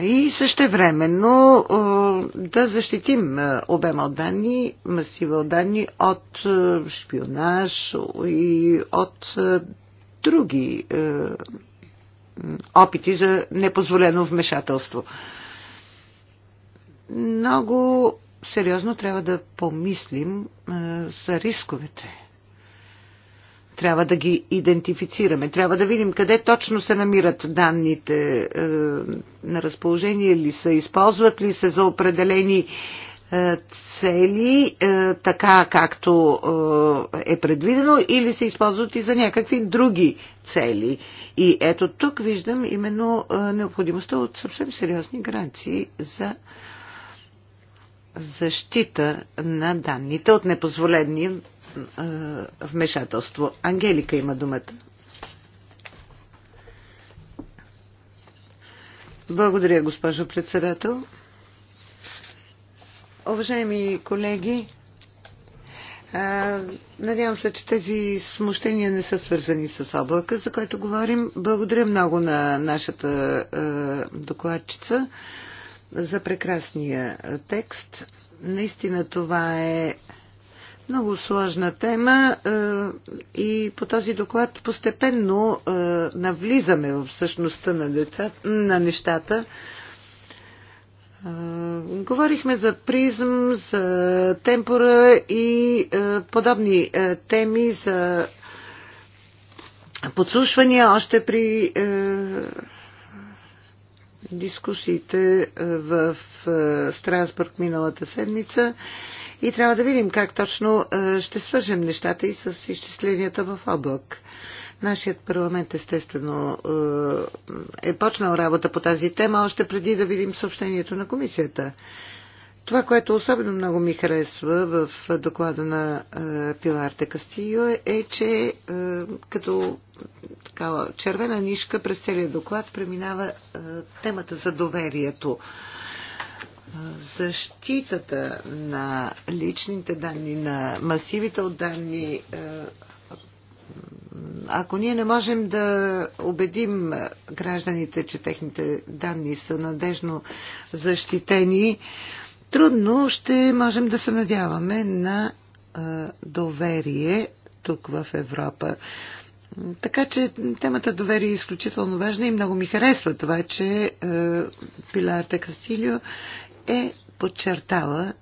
и същевременно е, да защитим е, обема от данни, масива от данни от е, шпионаж и от други опити за непозволено вмешателство. Много сериозно трябва да помислим за рисковете трябва да ги идентифицираме. Трябва да видим къде точно се намират данните, е, на разположение ли са, използват ли се за определени е, цели, е, така както е предвидено, или се използват и за някакви други цели. И ето тук виждам именно необходимостта от съвсем сериозни гаранции за защита на данните от непозволени вмешателство. Ангелика има думата. Благодаря, госпожо председател. Уважаеми колеги, надявам се, че тези смущения не са свързани с облака, за който говорим. Благодаря много на нашата докладчица за прекрасния текст. Наистина това е много сложна тема е, и по този доклад постепенно е, навлизаме в същността на, деца, на нещата. Е, говорихме за призм, за темпора и подобни теми за подслушвания още при дискусиите в Страсбург миналата седмица. И трябва да видим как точно е, ще свържем нещата и с изчисленията в облак. Нашият парламент естествено е, е почнал работа по тази тема още преди да видим съобщението на комисията. Това, което особено много ми харесва в доклада на е, Пилар де Кастио е, е че е, като такава червена нишка през целият доклад преминава е, темата за доверието защитата на личните данни, на масивите от данни, е, ако ние не можем да убедим гражданите, че техните данни са надежно защитени, трудно ще можем да се надяваме на е, доверие тук в Европа. Така че темата доверие е изключително важна и много ми харесва това, че Пиларте Пилар Кастилио е подчертала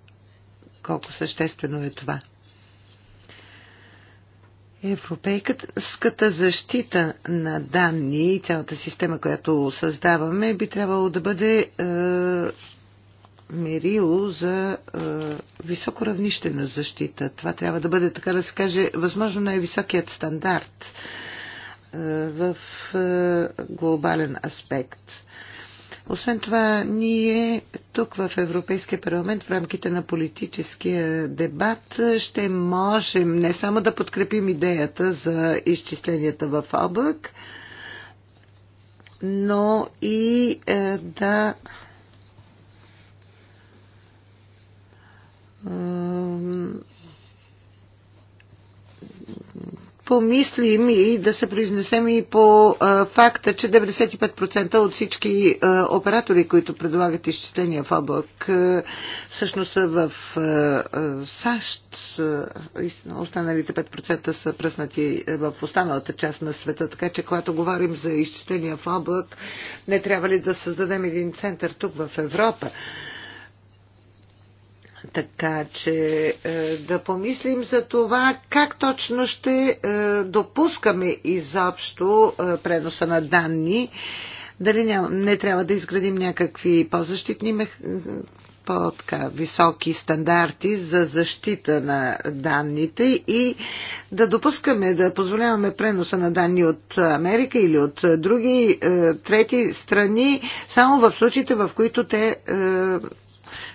колко съществено е това. Европейската защита на данни и цялата система, която създаваме, би трябвало да бъде е, мерило за е, високо равнище на защита. Това трябва да бъде, така да се каже, възможно най-високият стандарт е, в е, глобален аспект. Е, освен това, ние тук в Европейския парламент в рамките на политическия дебат ще можем не само да подкрепим идеята за изчисленията в облак, но и е, да е, помислим и да се произнесем и по а, факта, че 95% от всички а, оператори, които предлагат изчисления в облак, а, всъщност са в а, а, САЩ. А, останалите 5% са пръснати в останалата част на света. Така че, когато говорим за изчисления в облак, не трябва ли да създадем един център тук в Европа? А, така че е, да помислим за това как точно ще е, допускаме изобщо е, преноса на данни. Дали не, не трябва да изградим някакви по-защитни по-високи стандарти за защита на данните и да допускаме, да позволяваме преноса на данни от Америка или от други трети страни, само в случаите, в които те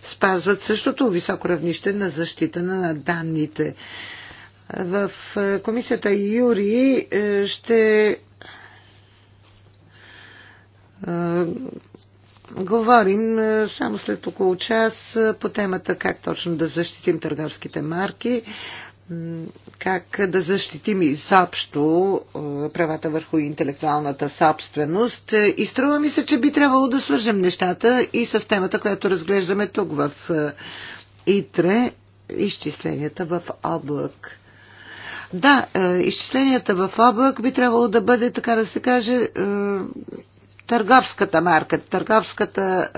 спазват същото високо равнище на защита на данните. В е, комисията Юри е, ще е, говорим само след около час по темата как точно да защитим търговските марки как да защитим изобщо правата върху интелектуалната собственост. И струва ми се, че би трябвало да свържем нещата и с темата, която разглеждаме тук в ИТРЕ, изчисленията в облак. Да, изчисленията в облак би трябвало да бъде, така да се каже, търговската марка, търговската,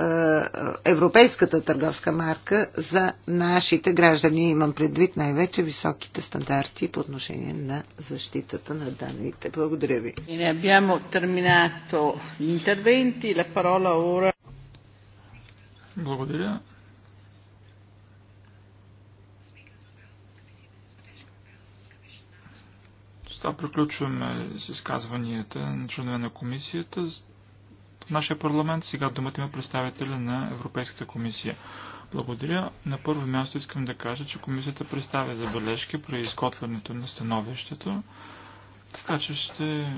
е, европейската търговска марка за нашите граждани. Имам предвид най-вече високите стандарти по отношение на защитата на данните. Благодаря ви. И не abbiamo терминато интервенти. ла парола ора. Благодаря. С това приключваме с изказванията на членове на комисията нашия парламент. Сега думата има представителя на Европейската комисия. Благодаря. На първо място искам да кажа, че комисията представя забележки при изготвянето на становището, така че ще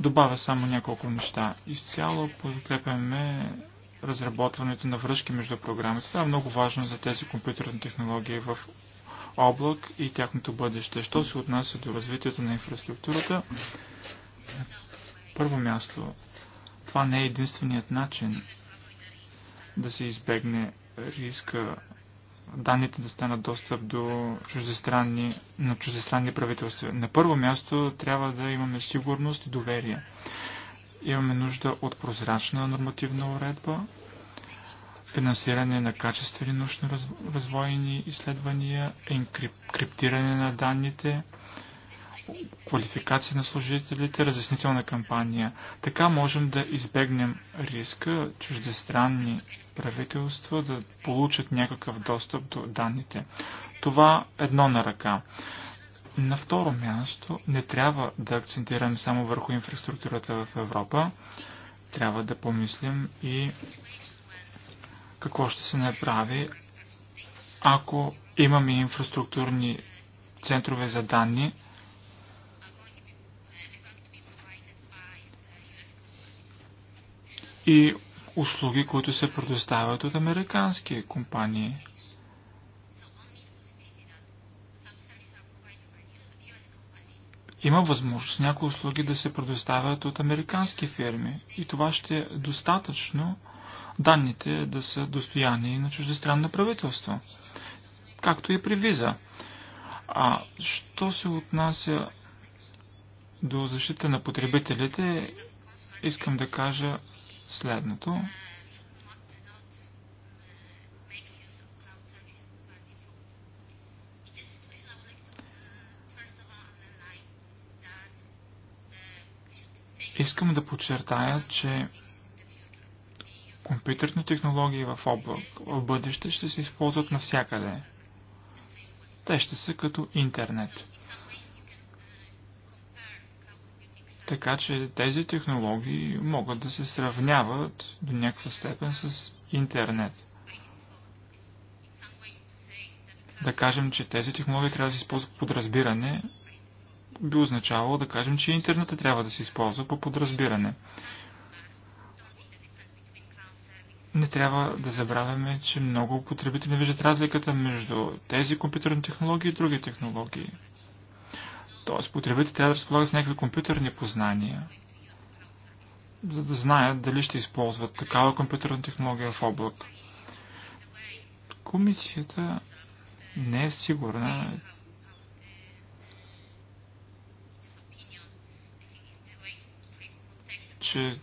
добавя само няколко неща. Изцяло подкрепяме разработването на връзки между програмите. Това е много важно за тези компютърни технологии в облак и тяхното бъдеще. Що се отнася до развитието на инфраструктурата? Първо място, това не е единственият начин да се избегне риска данните да станат достъп до чуждестранни, на чуждестранни правителства. На първо място трябва да имаме сигурност и доверие. Имаме нужда от прозрачна нормативна уредба, финансиране на качествени научно-развойни изследвания, криптиране на данните, квалификация на служителите, разяснителна кампания. Така можем да избегнем риска чуждестранни правителства да получат някакъв достъп до данните. Това едно на ръка. На второ място не трябва да акцентираме само върху инфраструктурата в Европа. Трябва да помислим и какво ще се направи, ако имаме инфраструктурни центрове за данни, и услуги, които се предоставят от американски компании. Има възможност някои услуги да се предоставят от американски фирми и това ще е достатъчно данните да са достояние на чуждестранно правителство, както и при виза. А що се отнася до защита на потребителите, искам да кажа следното. Искам да подчертая, че компютърни технологии в облак в бъдеще ще се използват навсякъде. Те ще са като интернет. Така че тези технологии могат да се сравняват до някаква степен с интернет. Да кажем, че тези технологии трябва да се използват подразбиране, би означавало да кажем, че интернета трябва да се използва по подразбиране. Не трябва да забравяме, че много потребители виждат разликата между тези компютърни технологии и други технологии. Тоест, потребителите трябва да разполагат с някакви компютърни познания, за да знаят дали ще използват такава компютърна технология в облак. Комисията не е сигурна, че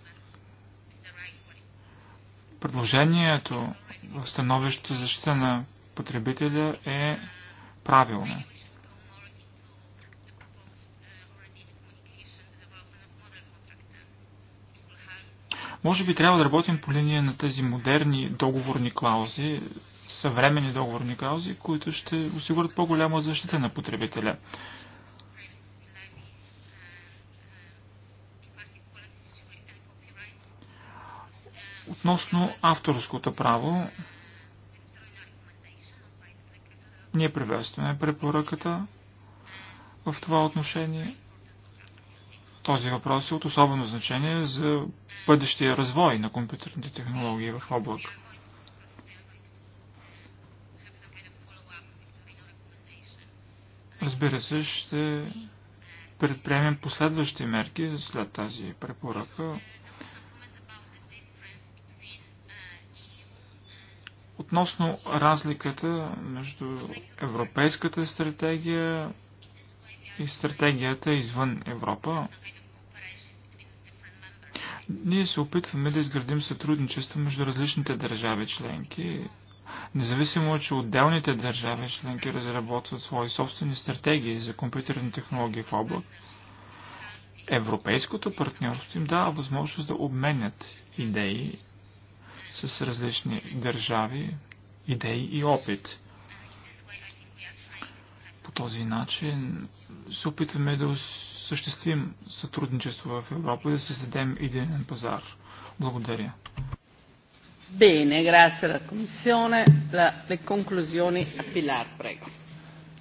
предложението в становището защита на потребителя е правилно. Може би трябва да работим по линия на тези модерни договорни клаузи, съвременни договорни клаузи, които ще осигурят по-голяма защита на потребителя. Относно авторското право, ние приветстваме препоръката в това отношение. Този въпрос е от особено значение за бъдещия развой на компютърните технологии в облак. Разбира се, ще предприемем последващи мерки след тази препоръка. Относно разликата между Европейската стратегия и стратегията извън Европа. Ние се опитваме да изградим сътрудничество между различните държави членки, независимо, че отделните държави членки разработват свои собствени стратегии за компютърни технологии в облак. Европейското партньорство им дава възможност да обменят идеи с различни държави, идеи и опит този начин се опитваме да осъществим сътрудничество в Европа и да създадем единен пазар. Благодаря. Bene, grazie alla Commissione. La, le conclusioni a Pilar, prego.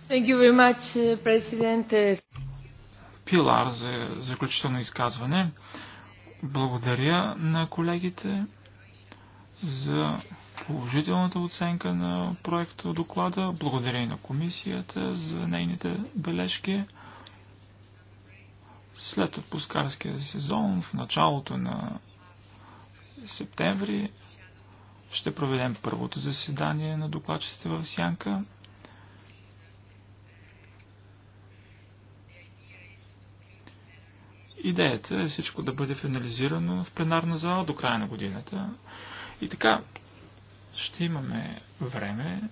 Thank you very much, eh, Presidente. Pilar, за заключително изказване. Благодаря на колегите за положителната оценка на проекта доклада. Благодаря и на комисията за нейните бележки. След отпускарския сезон, в началото на септември, ще проведем първото заседание на докладчите в Сянка. Идеята е всичко да бъде финализирано в пленарна зала до края на годината. И така, ще имаме време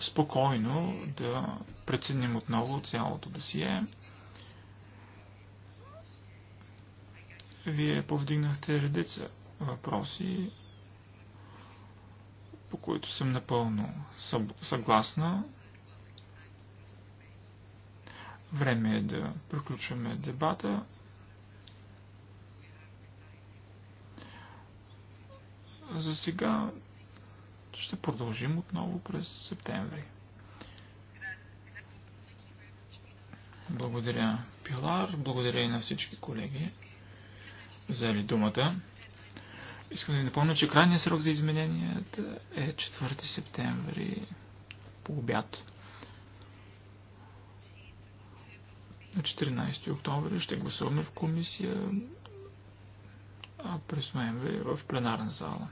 спокойно да преценим отново цялото досие. Вие повдигнахте редица въпроси, по които съм напълно съгласна. Време е да приключваме дебата. За сега ще продължим отново през септември. Благодаря, Пилар. Благодаря и на всички колеги взели думата. Искам да ви напомня, че крайният срок за измененията е 4 септември по обяд. На 14 октомври ще гласуваме в комисия, а през ноември в пленарна зала.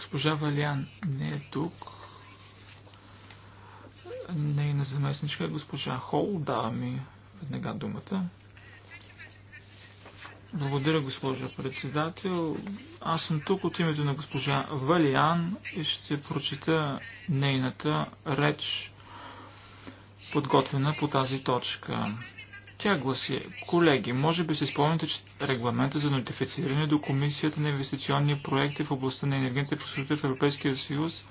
Госпожа Валян не е тук. Нейна заместничка е госпожа Хол. Дава ми веднага думата. Благодаря, госпожа председател. Аз съм тук от името на госпожа Валиан и ще прочита нейната реч, подготвена по тази точка. Тя гласи, колеги, може би се спомняте, че регламента за нотифициране до Комисията на инвестиционни проекти в областта на енергийната инфраструктура в Европейския съюз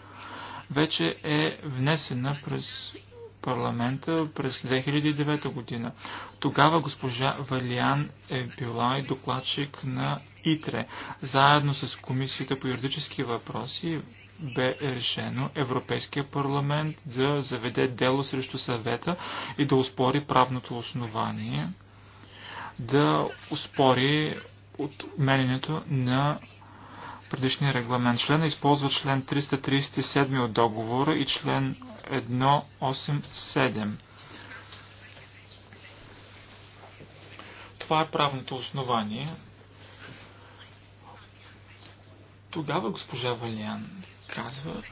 вече е внесена през парламента през 2009 година. Тогава госпожа Валиан е била и докладчик на ИТРЕ, заедно с Комисията по юридически въпроси бе решено Европейския парламент да заведе дело срещу съвета и да успори правното основание, да успори отмененето на предишния регламент. Члена използва член 337 от договора и член 187. Това е правното основание. Тогава госпожа Валиан казва,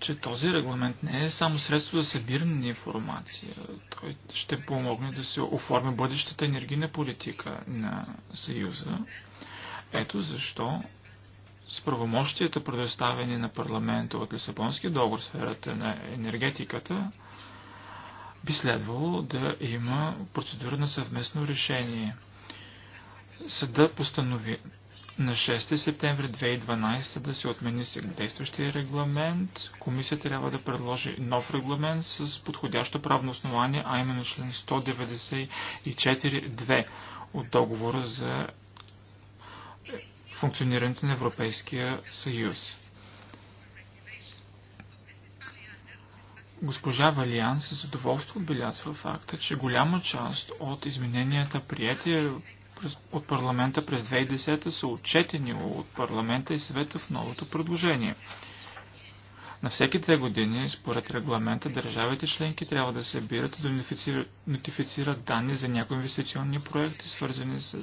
че този регламент не е само средство за събиране на информация. Той ще помогне да се оформи бъдещата енергийна политика на Съюза. Ето защо с правомощията, предоставени на парламента от Лисабонския договор в сферата на енергетиката, би следвало да има процедура на съвместно решение. Съда постанови на 6 септември 2012 да се отмени действащия регламент. Комисията трябва да предложи нов регламент с подходящо правно основание, а именно член 194.2 от договора за функционирането на Европейския съюз. Госпожа Валиан с задоволство отбелязва факта, че голяма част от измененията, приятия от парламента през 2010 са отчетени от парламента и съвета в новото предложение. На всеки две години, според регламента, държавите членки трябва да събират и да нотифицират данни за някои инвестиционни проекти, свързани с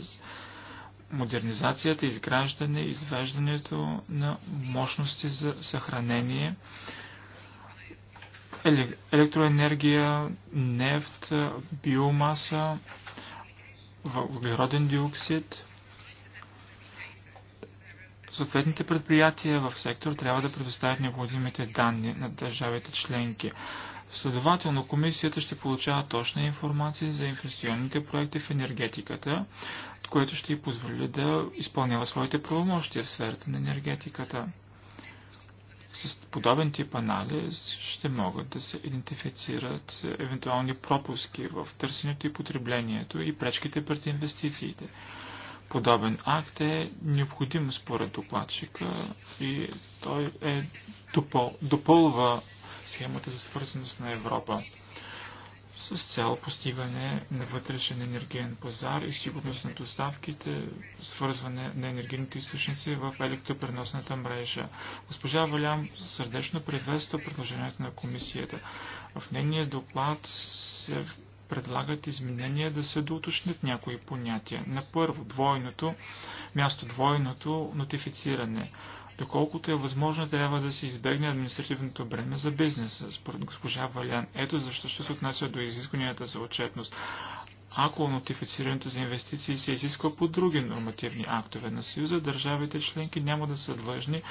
модернизацията, изграждане, извеждането на мощности за съхранение, електроенергия, нефт, биомаса, въглероден диоксид. Съответните предприятия в сектор трябва да предоставят необходимите данни на държавите членки. Следователно, комисията ще получава точна информация за инвестиционните проекти в енергетиката, което ще й позволи да изпълнява своите правомощия в сферата на енергетиката. С подобен тип анализ ще могат да се идентифицират евентуални пропуски в търсенето и потреблението и пречките пред инвестициите. Подобен акт е необходим според докладчика и той е допъл... допълва схемата за свързаност на Европа с цяло постигане на вътрешен енергиен пазар и сигурност на доставките, свързване на енергийните източници в електропреносната мрежа. Госпожа Валям сърдечно приветства предложението на комисията. В нейния доклад се предлагат изменения да се доуточнят някои понятия. На първо, двойното, място двойното нотифициране. Доколкото е възможно, трябва да се избегне административното бреме за бизнеса, според госпожа Валян. Ето защо ще се отнася до изискванията за отчетност. Ако нотифицирането за инвестиции се изисква по други нормативни актове на Съюза, държавите членки няма да са длъжни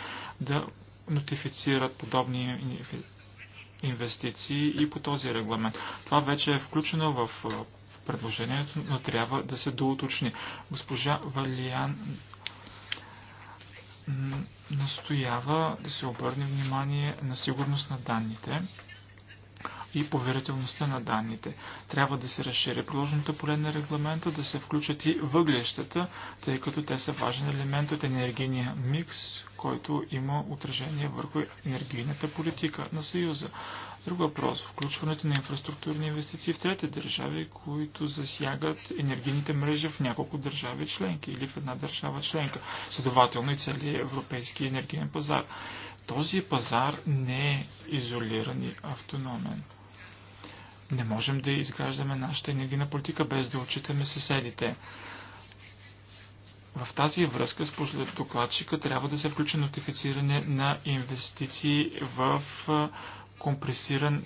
да нотифицират подобни инвестиции и по този регламент. Това вече е включено в предложението, но трябва да се доуточни. Госпожа Валиян настоява да се обърне внимание на сигурност на данните и поверителността на данните. Трябва да се разшири приложеното поле на регламента, да се включат и въглещата, тъй като те са важен елемент от енергийния микс, който има отражение върху енергийната политика на Съюза. Друг въпрос. Включването на инфраструктурни инвестиции в трети държави, които засягат енергийните мрежи в няколко държави членки или в една държава членка, следователно и целият европейски енергиен пазар. Този пазар не е изолиран и автономен. Не можем да изграждаме нашата енергийна политика без да отчитаме съседите. В тази връзка с докладчика трябва да се включи нотифициране на инвестиции в компресиран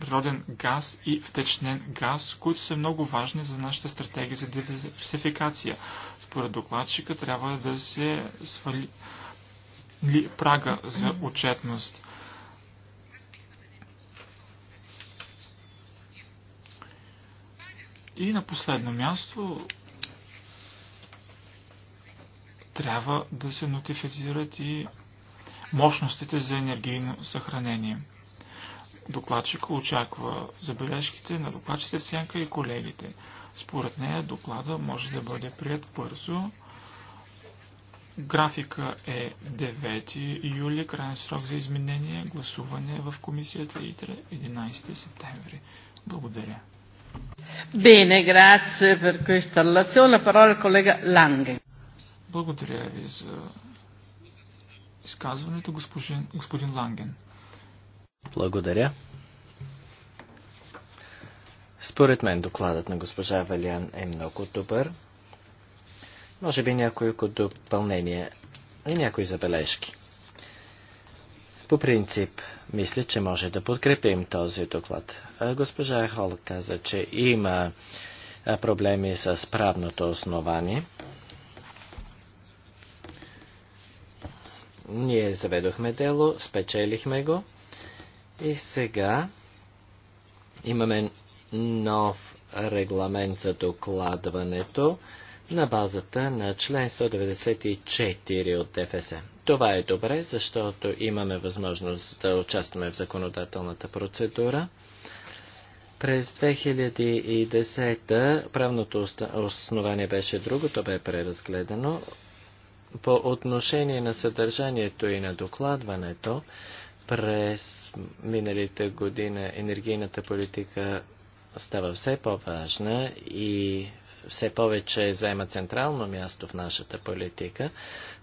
природен газ и втечнен газ, които са много важни за нашата стратегия за диверсификация. Според докладчика трябва да се свали ли прага за отчетност. И на последно място трябва да се нотифицират и мощностите за енергийно съхранение. Докладчик очаква забележките на докладчите Сянка и колегите. Според нея доклада може да бъде прият бързо. Графика е 9 юли, крайен срок за изменение, гласуване в комисията ИТРЕ 11 септември. Благодаря. Bene, grazie per questa allazione. La parola al collega Lange. Благодаря ви за изказването господин, господин Ланген. Благодаря. Според мен докладът на госпожа Валян е много добър. Може би някои допълнения и някои забележки. По принцип, мисля, че може да подкрепим този доклад. Госпожа Хол каза, че има проблеми с правното основание. Ние заведохме дело, спечелихме го и сега имаме нов регламент за докладването на базата на член 194 от ДФС. Това е добре, защото имаме възможност да участваме в законодателната процедура. През 2010 правното основание беше друго, то бе преразгледано по отношение на съдържанието и на докладването, през миналите година енергийната политика става все по-важна и все повече заема централно място в нашата политика,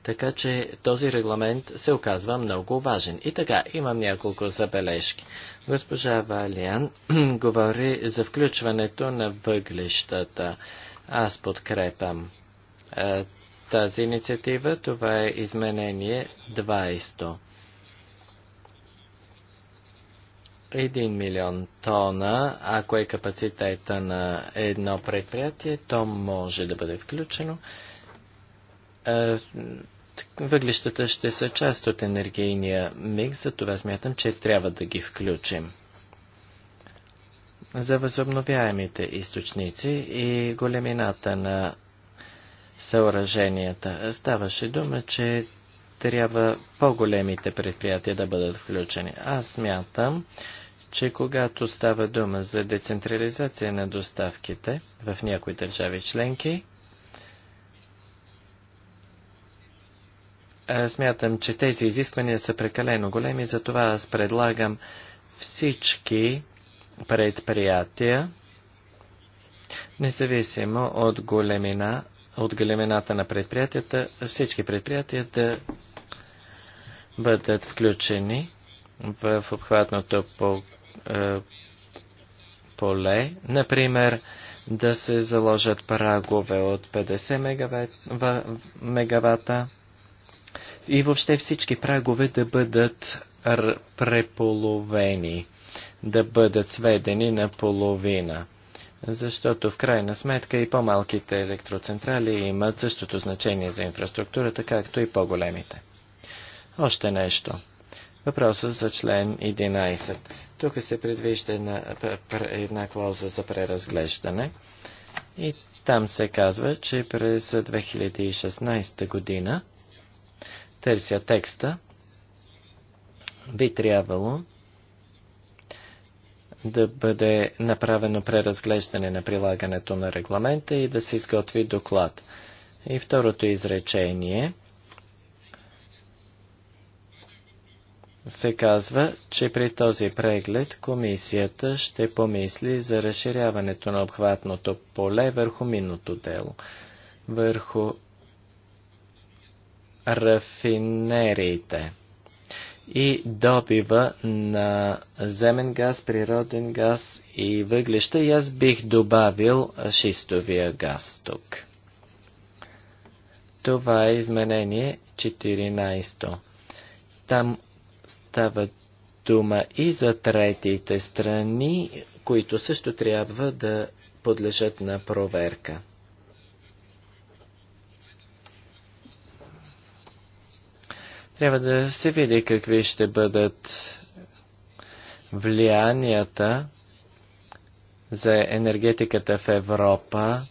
така че този регламент се оказва много важен. И така, имам няколко забележки. Госпожа Валиан говори за включването на въглищата. Аз подкрепам е, тази инициатива. Това е изменение 20. 1 милион тона, ако е капацитета на едно предприятие, то може да бъде включено. Е, въглищата ще са част от енергийния микс, за това смятам, че трябва да ги включим. За възобновяемите източници и големината на съоръженията. Ставаше дума, че трябва по-големите предприятия да бъдат включени. Аз смятам, че когато става дума за децентрализация на доставките в някои държави членки, смятам, че тези изисквания са прекалено големи, затова аз предлагам всички предприятия, независимо от големина от големината на предприятията, всички предприятия да бъдат включени в обхватното по, е, поле. Например, да се заложат прагове от 50 мегават, мегавата и въобще всички прагове да бъдат преполовени, да бъдат сведени на половина защото в крайна сметка и по-малките електроцентрали имат същото значение за инфраструктурата, както и по-големите. Още нещо. Въпросът за член 11. Тук се предвижда една, една клауза за преразглеждане и там се казва, че през 2016 година търся текста би трябвало да бъде направено преразглеждане на прилагането на регламента и да се изготви доклад. И второто изречение се казва, че при този преглед комисията ще помисли за разширяването на обхватното поле върху минното дело, върху рафинериите и добива на земен газ, природен газ и въглища и аз бих добавил шистовия газ тук. Това е изменение 14. Там става дума и за третите страни, които също трябва да подлежат на проверка. Трябва да се види какви ще бъдат влиянията за енергетиката в Европа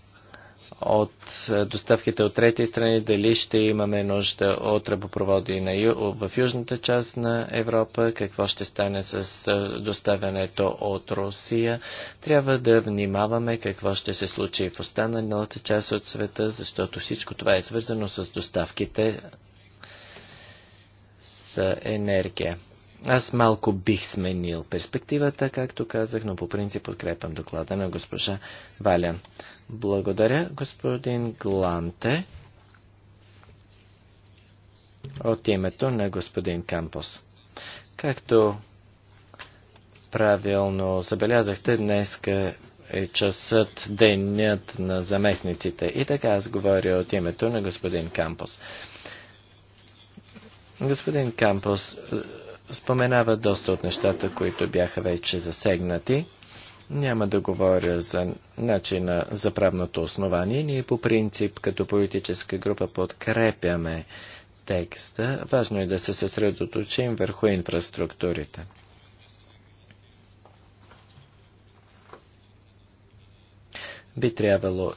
от доставките от трети страни, дали ще имаме нужда от ръбопроводи на ю... в южната част на Европа, какво ще стане с доставянето от Русия. Трябва да внимаваме какво ще се случи в останалата част от света, защото всичко това е свързано с доставките енергия. Аз малко бих сменил перспективата, както казах, но по принцип подкрепям доклада на госпожа Валян. Благодаря, господин Гланте. От името на господин Кампос. Както правилно забелязахте, днес е часът, денят на заместниците. И така аз говоря от името на господин Кампос. Господин Кампус е, споменава доста от нещата, които бяха вече засегнати. Няма да говоря за начина за правното основание. Ние по принцип като политическа група подкрепяме текста. Важно е да се съсредоточим върху инфраструктурите. Би трябвало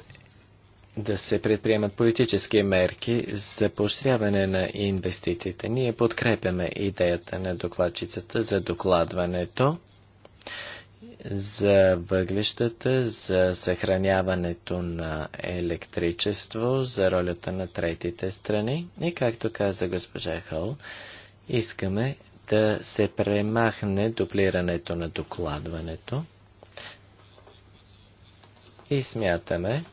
да се предприемат политически мерки за поощряване на инвестициите. Ние подкрепяме идеята на докладчицата за докладването, за въглищата, за съхраняването на електричество, за ролята на третите страни и, както каза госпожа Хол, искаме да се премахне дуплирането на докладването и смятаме,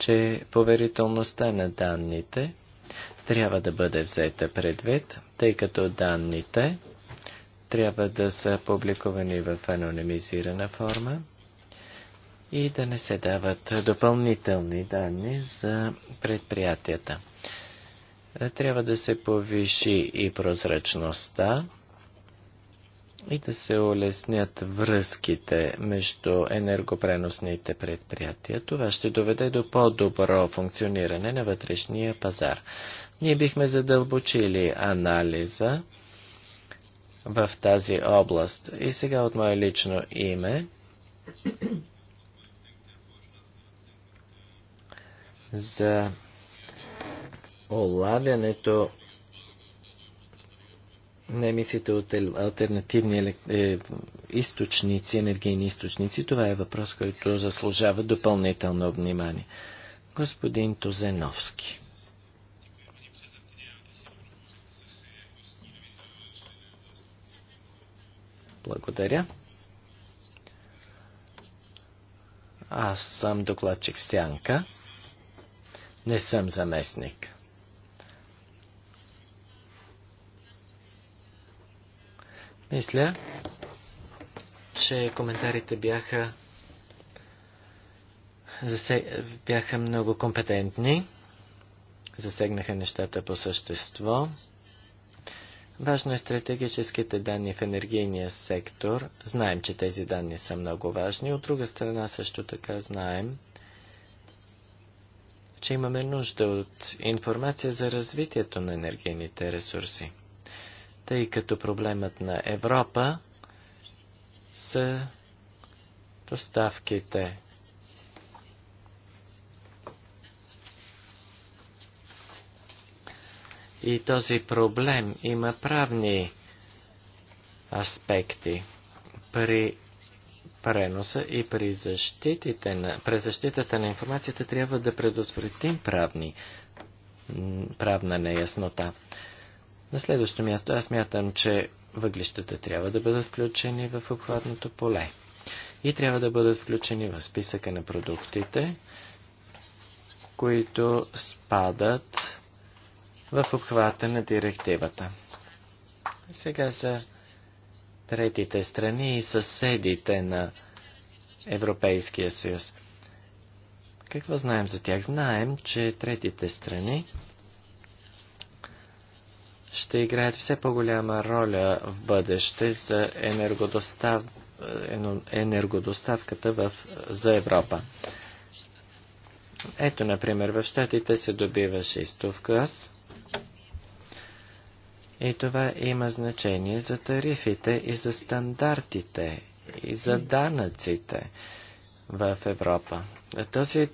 че поверителността на данните трябва да бъде взета предвид, тъй като данните трябва да са публикувани в анонимизирана форма и да не се дават допълнителни данни за предприятията. Трябва да се повиши и прозрачността и да се улеснят връзките между енергопреносните предприятия. Това ще доведе до по-добро функциониране на вътрешния пазар. Ние бихме задълбочили анализа в тази област. И сега от мое лично име за олавянето на емисиите от альтернативни е, източници, енергийни източници, това е въпрос, който заслужава допълнително внимание. Господин Тозеновски. Благодаря. Аз съм докладчик в Сянка. Не съм заместник. Мисля, че коментарите бяха, засег... бяха много компетентни, засегнаха нещата по същество. Важно е стратегическите данни в енергийния сектор. Знаем, че тези данни са много важни. От друга страна също така знаем, че имаме нужда от информация за развитието на енергийните ресурси тъй като проблемът на Европа са доставките. И този проблем има правни аспекти. При преноса и при, защитите на, при защитата на информацията трябва да предотвратим правни, правна неяснота. На следващо място аз мятам, че въглищата трябва да бъдат включени в обхватното поле и трябва да бъдат включени в списъка на продуктите, които спадат в обхвата на директивата. Сега са третите страни и съседите на Европейския съюз. Какво знаем за тях? Знаем, че третите страни ще играят все по-голяма роля в бъдеще за енергодостав... енергодоставката в... за Европа. Ето, например, в Штатите се добива шистов газ и това има значение за тарифите и за стандартите и за данъците в Европа. Този,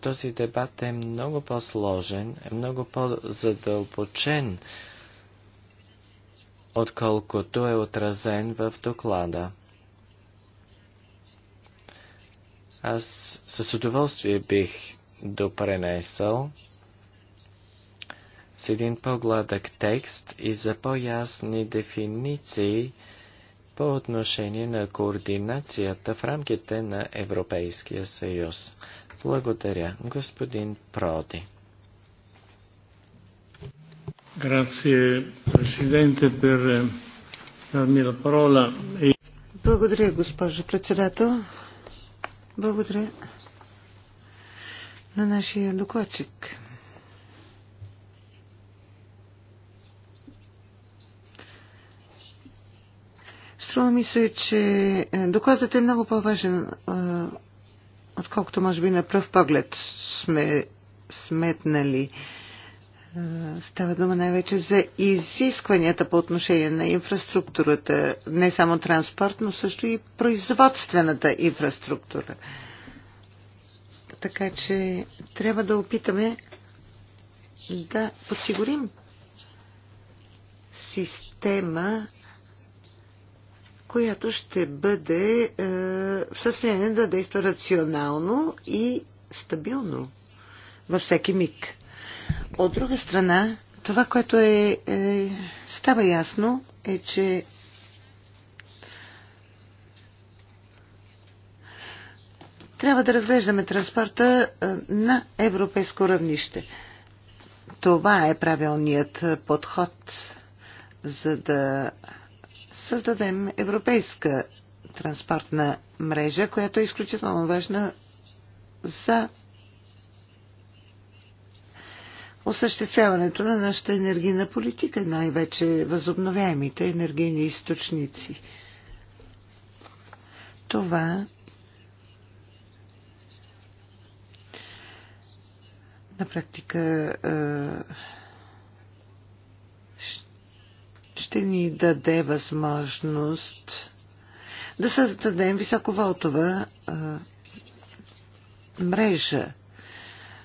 този дебат е много по-сложен, е много по-задълбочен отколкото е отразен в доклада. Аз с удоволствие бих допренесъл с един по-гладък текст и за по-ясни дефиниции по отношение на координацията в рамките на Европейския съюз. Благодаря, господин Проди. Eh, e- Благодаря, госпожо председател. Благодаря на нашия докладчик. Струва ми се, че докладът е много по-важен, отколкото може би на пръв поглед сме сметнали. Е, става дума най-вече за изискванията по отношение на инфраструктурата, не само транспорт, но също и производствената инфраструктура. Така че трябва да опитаме да подсигурим система, която ще бъде е, в състояние да действа рационално и стабилно във всеки миг. От друга страна, това, което е, е, става ясно, е, че трябва да разглеждаме транспорта е, на европейско равнище. Това е правилният подход, за да създадем европейска транспортна мрежа, която е изключително важна за осъществяването на нашата енергийна политика, най-вече възобновяемите енергийни източници. Това на практика ще ни даде възможност да създадем високоволтова мрежа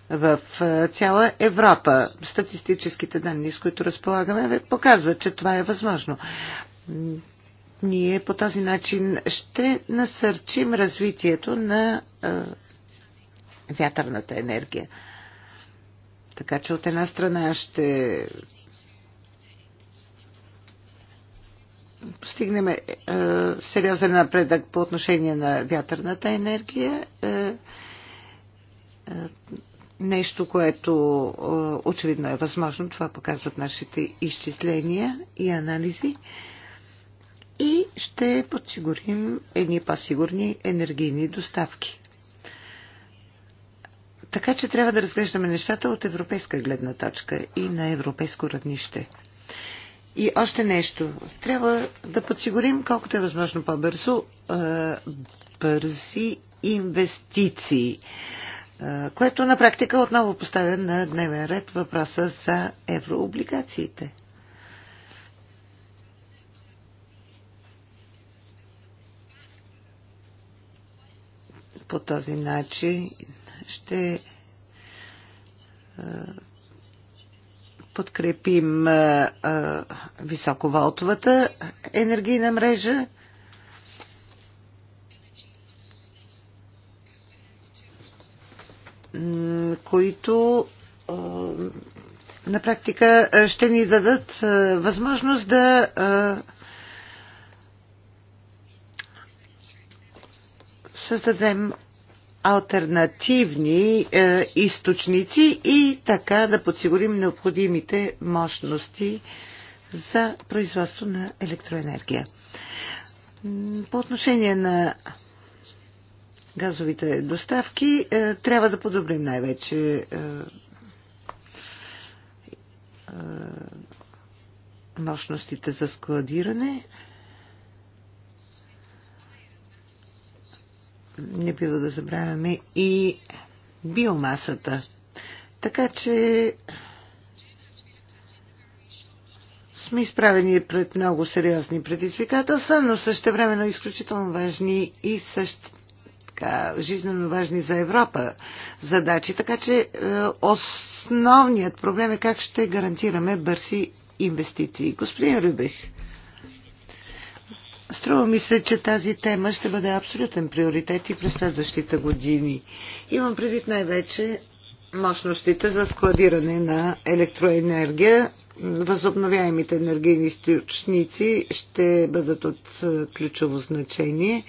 в е, цяла Европа. Статистическите данни, с които разполагаме, показват, че това е възможно. Ние по този начин ще насърчим развитието на е, вятърната енергия. Така че от една страна ще постигнем е, сериозен напредък по отношение на вятърната енергия нещо, което е, очевидно е възможно. Това показват нашите изчисления и анализи. И ще подсигурим едни по-сигурни енергийни доставки. Така че трябва да разглеждаме нещата от европейска гледна точка и на европейско равнище. И още нещо. Трябва да подсигурим колкото е възможно по-бързо е, бързи инвестиции което на практика е отново поставя на дневен ред въпроса за еврооблигациите. По този начин ще подкрепим високоволтовата енергийна мрежа които на практика ще ни дадат възможност да създадем альтернативни е, източници и така да подсигурим необходимите мощности за производство на електроенергия. По отношение на газовите доставки, е, трябва да подобрим най-вече е, е, мощностите за складиране. Не бива да забравяме и биомасата. Така че сме изправени пред много сериозни предизвикателства, но времено изключително важни и също така жизненно важни за Европа задачи. Така че е, основният проблем е как ще гарантираме бързи инвестиции. Господин Рюбех, струва ми се, че тази тема ще бъде абсолютен приоритет и през следващите години. Имам предвид най-вече мощностите за складиране на електроенергия възобновяемите енергийни източници ще бъдат от е, ключово значение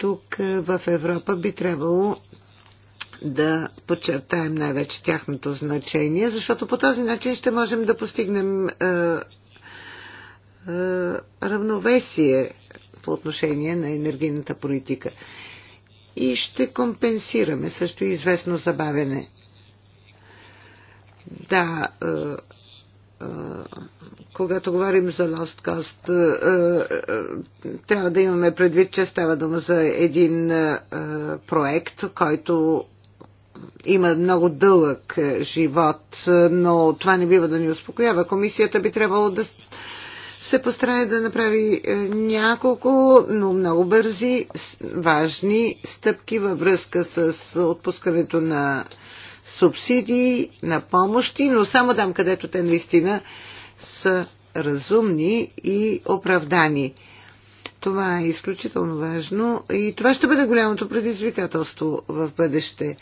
тук е, в Европа би трябвало да подчертаем най-вече тяхното значение, защото по този начин ще можем да постигнем е, е, равновесие по отношение на енергийната политика. И ще компенсираме също известно забавене. Да, е, е, когато говорим за lost cost, е, е, трябва да имаме предвид, че става дума за един е, проект, който има много дълъг живот, но това не бива да ни успокоява. Комисията би трябвало да се постарае да направи няколко, но много бързи, важни стъпки във връзка с отпускането на субсидии, на помощи, но само там, където те наистина са разумни и оправдани. Това е изключително важно и това ще бъде голямото предизвикателство в бъдеще.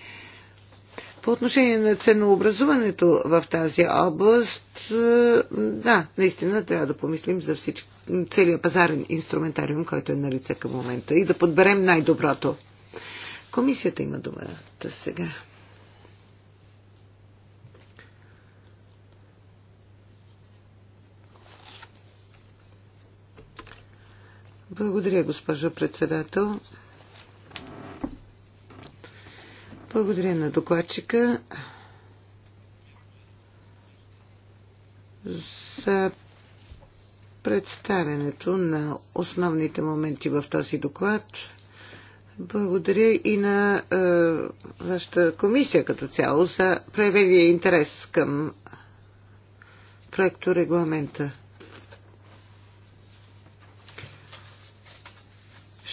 По отношение на ценообразуването в тази област, да, наистина трябва да помислим за всички, целият пазарен инструментариум, който е на лице към момента и да подберем най-доброто. Комисията има думата сега. Благодаря, госпожо председател. Благодаря на докладчика за представенето на основните моменти в този доклад. Благодаря и на е, вашата комисия като цяло за проявения интерес към проекто регламента.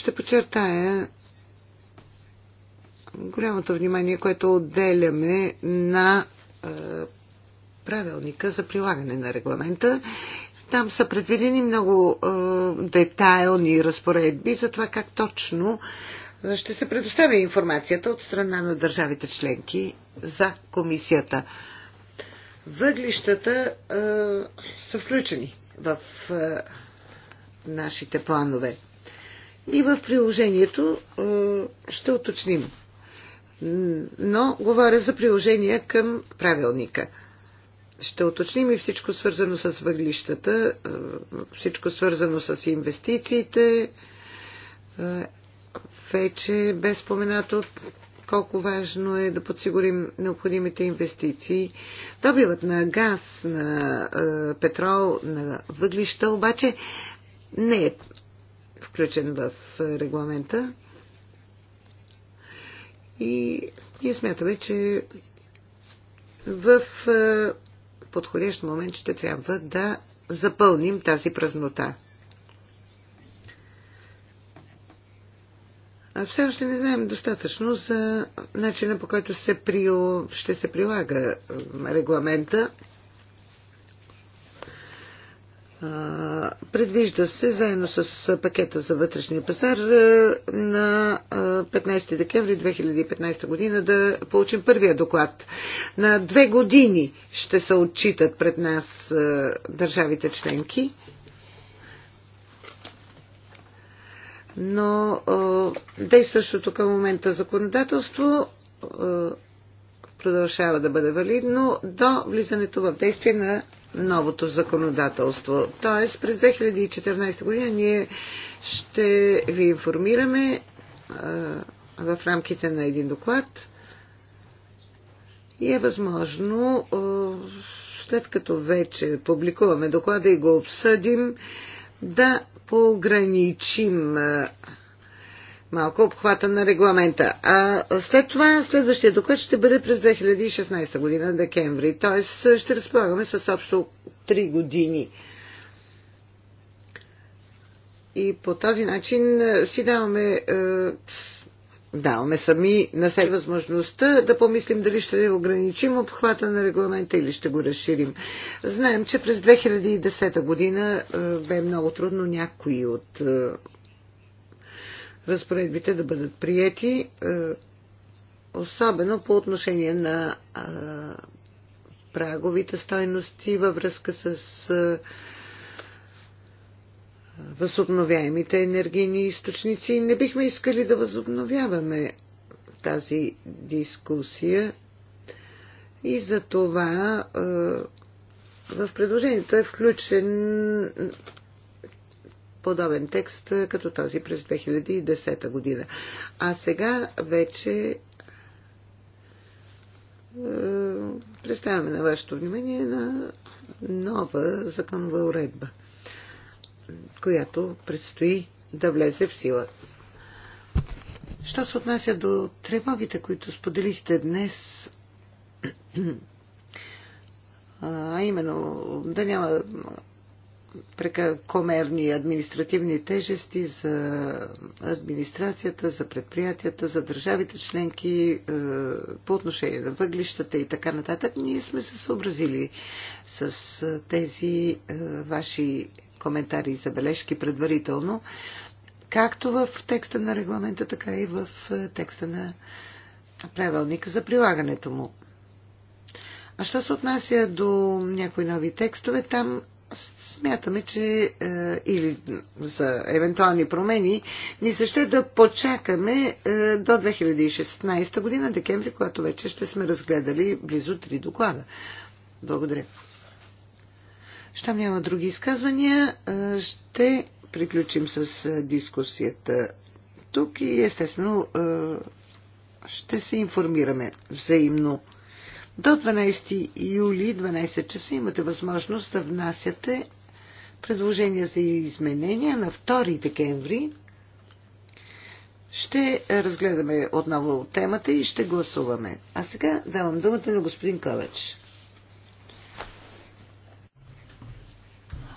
Ще подчертая голямото внимание, което отделяме на е, правилника за прилагане на регламента. Там са предвидени много е, детайлни разпоредби за това как точно е, ще се предоставя информацията от страна на държавите членки за комисията. Въглищата е, са включени в е, нашите планове и в приложението е, ще уточним. Но говоря за приложения към правилника. Ще уточним и всичко свързано с въглищата, е, всичко свързано с инвестициите. Е, вече без споменато колко важно е да подсигурим необходимите инвестиции. Добивът на газ, на петрол, на въглища обаче не е включен в е, регламента. И ние смятаме, че в е, подходящ момент ще трябва да запълним тази празнота. Все още не знаем достатъчно за начина по който се прил... ще се прилага е, регламента Предвижда се заедно с пакета за вътрешния пазар на 15 декември 2015 година да получим първия доклад. На две години ще се отчитат пред нас държавите членки. Но действащото към момента законодателство продължава да бъде валидно до влизането в действие на новото законодателство. Тоест през 2014 година ние ще ви информираме в рамките на един доклад и е възможно след като вече публикуваме доклада и го обсъдим да поограничим малко обхвата на регламента. А след това следващия доклад ще бъде през 2016 година, декември. Т.е. ще разполагаме с общо 3 години. И по този начин е, си даваме, е, даваме сами на себе възможността да помислим дали ще ограничим обхвата на регламента или ще го разширим. Знаем, че през 2010 година е, бе много трудно някои от е, разпоредбите да бъдат приети, е, особено по отношение на е, праговите стойности във връзка с е, възобновяемите енергийни източници. Не бихме искали да възобновяваме тази дискусия и за това в предложението е включен подобен текст е, като този през 2010 година. А сега вече е, представяме на вашето внимание на нова законова уредба, която предстои да влезе в сила. Що се отнася до тревогите, които споделихте днес, а именно да няма прекомерни административни тежести за администрацията, за предприятията, за държавите членки е, по отношение на въглищата и така нататък. Ние сме се съобразили с е, тези е, ваши коментари и забележки предварително, както в текста на регламента, така и в текста на правилника за прилагането му. А що се отнася до някои нови текстове, там смятаме, че е, или за евентуални промени ни се ще да почакаме е, до 2016 година, декември, когато вече ще сме разгледали близо 3 доклада. Благодаря. Щом няма други изказвания, е, ще приключим с е, дискусията тук и естествено е, ще се информираме взаимно. До 12 юли, 12 часа, имате възможност да внасяте предложения за изменения. На 2 декември ще разгледаме отново темата и ще гласуваме. А сега давам думата на господин Ковач.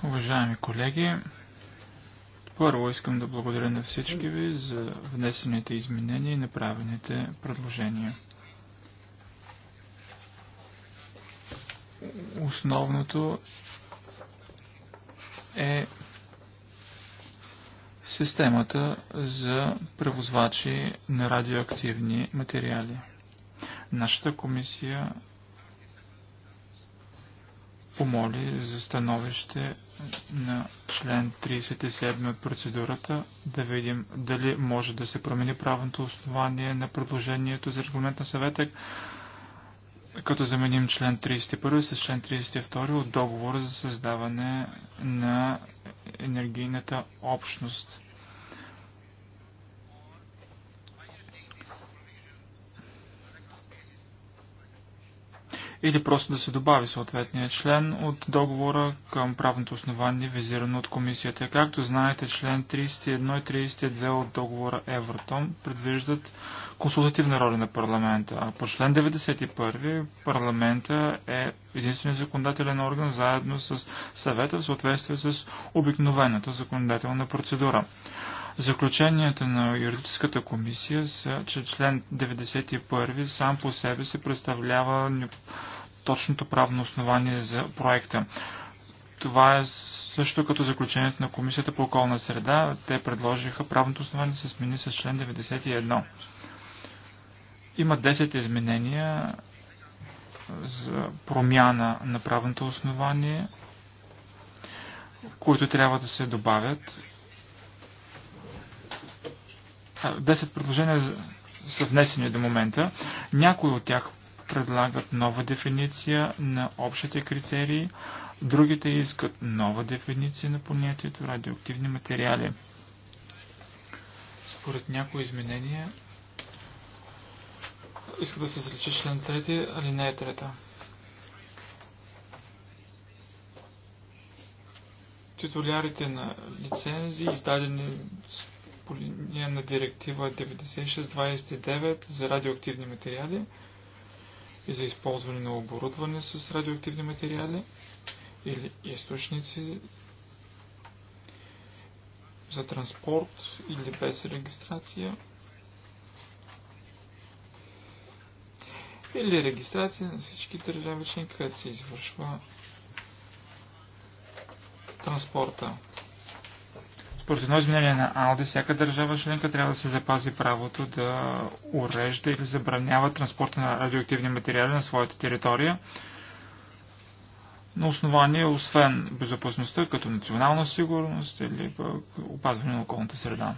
Уважаеми колеги, първо искам да благодаря на всички ви за внесените изменения и направените предложения. основното е системата за превозвачи на радиоактивни материали. Нашата комисия помоли за становище на член 37 от процедурата, да видим дали може да се промени правното основание на предложението за регламент на съветък като заменим член 31 с член 32 от договора за създаване на енергийната общност. или просто да се добави съответния член от договора към правното основание, визирано от комисията. Както знаете, член 31 и 32 от договора Евротом предвиждат консултативна роля на парламента, а по член 91 парламента е единствен законодателен орган заедно с съвета в съответствие с обикновената законодателна процедура. Заключенията на юридическата комисия са, че член 91 сам по себе се представлява точното правно основание за проекта. Това е също като заключението на Комисията по околна среда. Те предложиха правното основание да се смени с член 91. Има 10 изменения за промяна на правното основание, които трябва да се добавят 10 предложения са внесени до момента. Някои от тях предлагат нова дефиниция на общите критерии, другите искат нова дефиниция на понятието радиоактивни материали. Според някои изменения иска да се заличи член 3, е 3. Титулярите на лицензии, издадени по линия на директива 9629 за радиоактивни материали и за използване на оборудване с радиоактивни материали или източници за транспорт или без регистрация или регистрация на всички държави членки, където се извършва транспорта. Според едно изменение на Алди, всяка държава членка трябва да се запази правото да урежда или забранява транспорта на радиоактивни материали на своята територия на основание, освен безопасността, като национална сигурност или опазване на околната среда.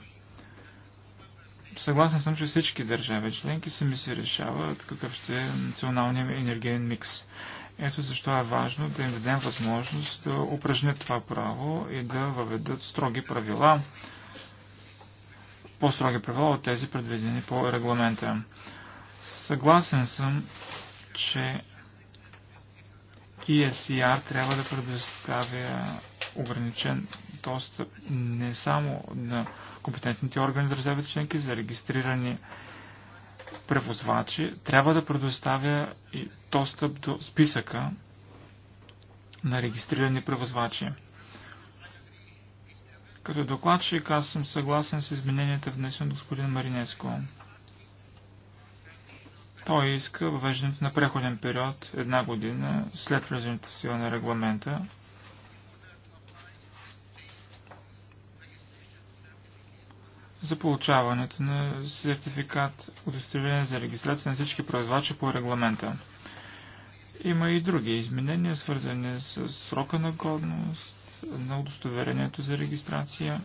Съгласен съм, че всички държави членки сами си решават какъв ще е националният енергиен микс. Ето защо е важно да им дадем възможност да упражнят това право и да въведат строги правила, по-строги правила от тези предвидени по регламента. Съгласен съм, че ESCR трябва да предоставя ограничен достъп не само на компетентните органи държавите членки за регистрирани превозвачи трябва да предоставя и достъп до списъка на регистрирани превозвачи. Като докладчик аз съм съгласен с измененията внесен от господин Маринеско. Той иска въвеждането на преходен период една година след влизането в сила на регламента за получаването на сертификат удостоверение за регистрация на всички превозвачи по регламента. Има и други изменения, свързани с срока на годност на удостоверението за регистрация.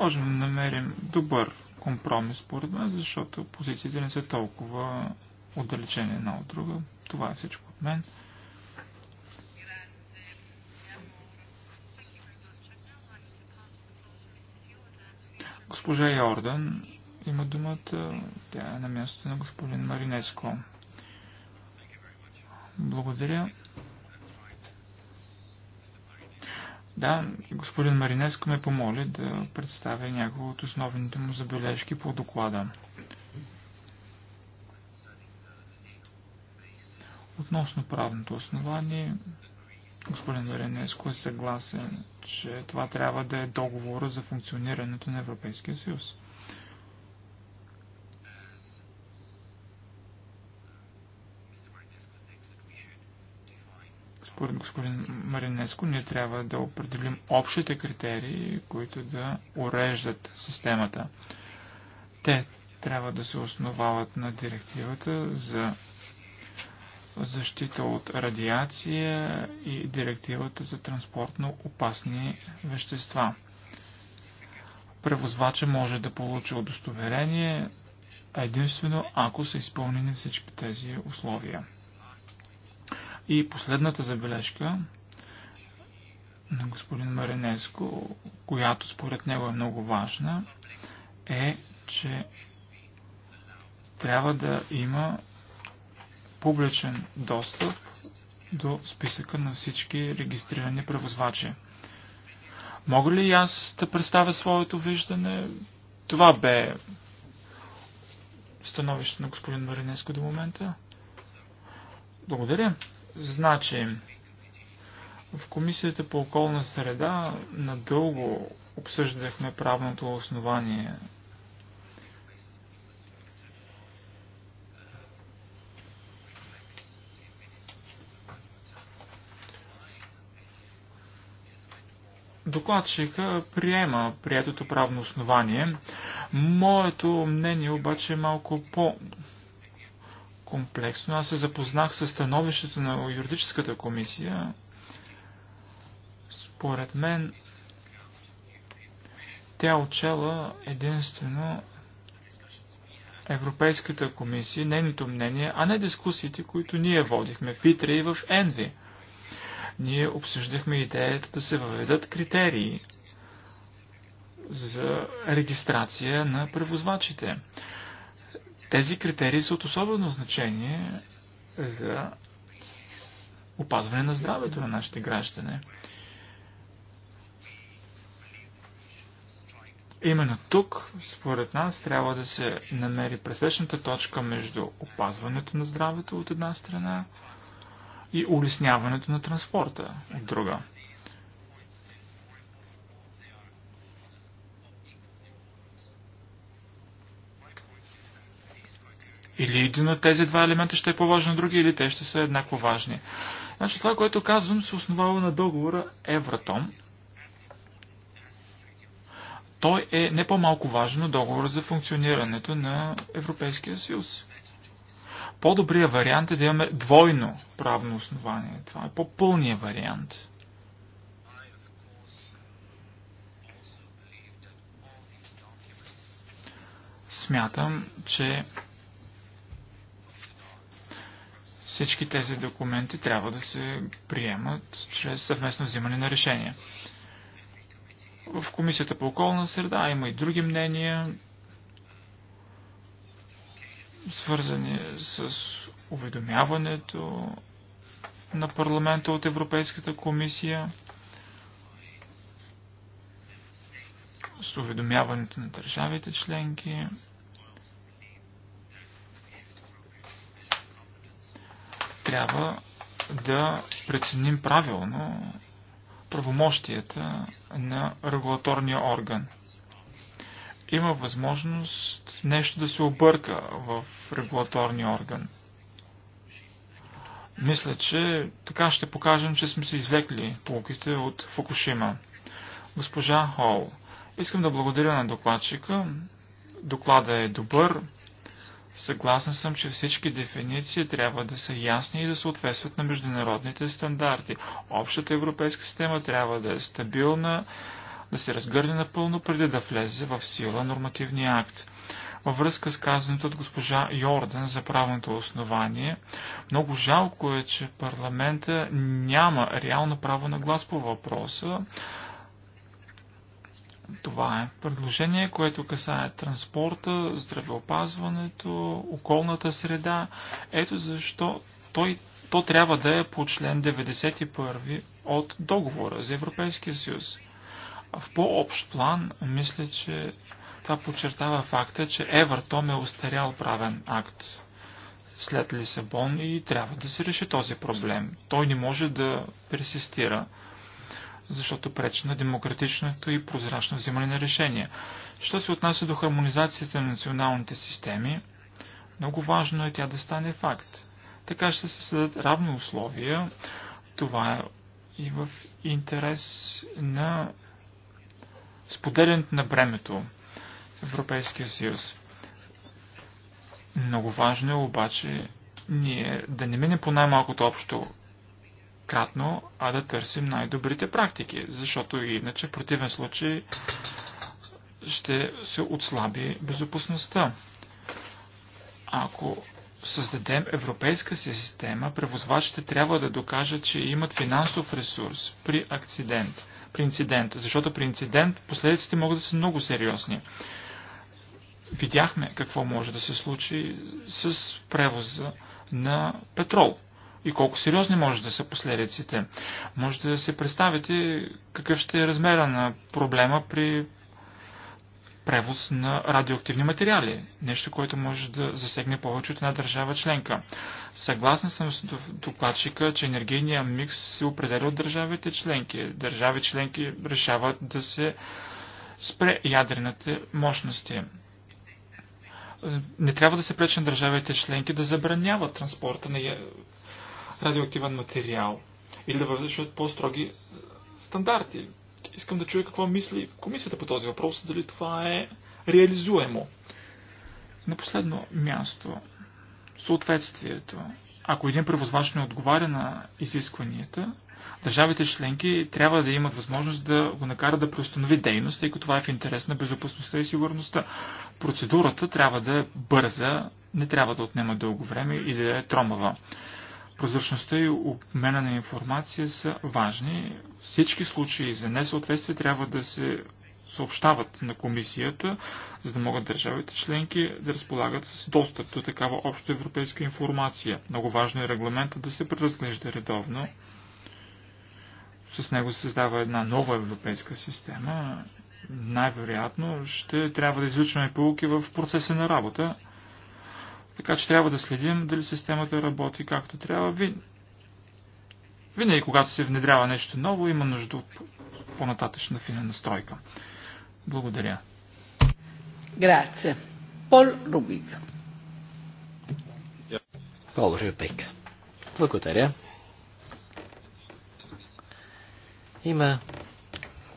Можем да намерим добър компромис, според мен, защото позициите не са толкова отдалечени една от друга. Това е всичко от мен. Госпожа Йордан има думата. Тя е на мястото на господин Маринеско. Благодаря. Да, господин Маринеско ме помоли да представя някои от основните му забележки по доклада. Относно правното основание, Господин Веренеско е съгласен, че това трябва да е договора за функционирането на Европейския съюз. Според господин Маринеско, ние трябва да определим общите критерии, които да уреждат системата. Те трябва да се основават на директивата за защита от радиация и директивата за транспортно опасни вещества. Превозвача може да получи удостоверение единствено ако са изпълнени всички тези условия. И последната забележка на господин Маринеско, която според него е много важна, е, че трябва да има публичен достъп до списъка на всички регистрирани превозвачи. Мога ли аз да представя своето виждане? Това бе становище на господин Маринеско до момента. Благодаря. Значи, в Комисията по околна среда надълго обсъждахме правното основание Докладчика приема приятото правно основание. Моето мнение обаче е малко по комплексно. Аз се запознах с становището на юридическата комисия. Според мен тя очела единствено Европейската комисия, нейното мнение, а не дискусиите, които ние водихме в Итре и в Енви. Ние обсъждахме идеята да се въведат критерии за регистрация на превозвачите. Тези критерии са от особено значение за опазване на здравето на нашите граждани. Именно тук, според нас, трябва да се намери пресечната точка между опазването на здравето от една страна и улесняването на транспорта от друга. Или един от тези два елемента ще е по-важен от други, или те ще са еднакво важни. Значи това, което казвам, се основава на договора Евратом. Той е не по-малко важен от договора за функционирането на Европейския съюз. По-добрият вариант е да имаме двойно правно основание. Това е по-пълния вариант. Смятам, че всички тези документи трябва да се приемат чрез съвместно взимане на решения. В Комисията по околна среда има и други мнения, свързани с уведомяването на парламента от Европейската комисия, с уведомяването на държавите членки, трябва да преценим правилно правомощията на регулаторния орган има възможност нещо да се обърка в регулаторния орган. Мисля, че така ще покажем, че сме се извекли полуките от Фукушима. Госпожа Хол, искам да благодаря на докладчика. Доклада е добър. Съгласен съм, че всички дефиниции трябва да са ясни и да съответстват на международните стандарти. Общата европейска система трябва да е стабилна, да се разгърне напълно преди да влезе в сила нормативния акт. Във връзка с казаното от госпожа Йордан за правното основание, много жалко е, че парламента няма реално право на глас по въпроса. Това е предложение, което касае транспорта, здравеопазването, околната среда. Ето защо той, то трябва да е по член 91 от договора за Европейския съюз. В по-общ план, мисля, че това подчертава факта, че Евертон е устарял правен акт след Лисабон и трябва да се реши този проблем. Той не може да персистира, защото пречи на демократичното и прозрачно взимане на решения. Що се отнася до хармонизацията на националните системи, много важно е тя да стане факт. Така ще се създадат равни условия. Това е и в интерес на споделянето на бремето в Европейския съюз. Много важно е обаче ние да не мине по най-малкото общо кратно, а да търсим най-добрите практики, защото иначе в противен случай ще се отслаби безопасността. Ако създадем европейска система, превозвачите трябва да докажат, че имат финансов ресурс при акцидент – при инцидент, защото при инцидент последиците могат да са много сериозни. Видяхме какво може да се случи с превоза на петрол и колко сериозни може да са последиците. Може да се представите какъв ще е размера на проблема при превоз на радиоактивни материали. Нещо, което може да засегне повече от една държава членка. Съгласен съм с докладчика, че енергийният микс се определя от държавите членки. Държави членки решават да се спре ядрените мощности. Не трябва да се пречи на държавите членки да забраняват транспорта на радиоактивен материал или да въвеждат по-строги стандарти. Искам да чуя какво мисли комисията по този въпрос, дали това е реализуемо. На последно място, съответствието. Ако един превозвач не отговаря на изискванията, държавите членки трябва да имат възможност да го накара да преустанови дейност, тъй като това е в интерес на безопасността и сигурността. Процедурата трябва да е бърза, не трябва да отнема дълго време и да е тромава прозрачността и обмена на информация са важни. Всички случаи за несъответствие трябва да се съобщават на комисията, за да могат държавите членки да разполагат с достъп до такава общо европейска информация. Много важно е регламента да се преразглежда редовно. С него се създава една нова европейска система. Най-вероятно ще трябва да извличаме полуки в процеса на работа. Така че трябва да следим дали системата работи както трябва. Вин... Винаги, когато се внедрява нещо ново, има нужда от по-нататъчна фина настройка. Благодаря. Грация. Пол Рубик. Пол Рубик. Благодаря. Има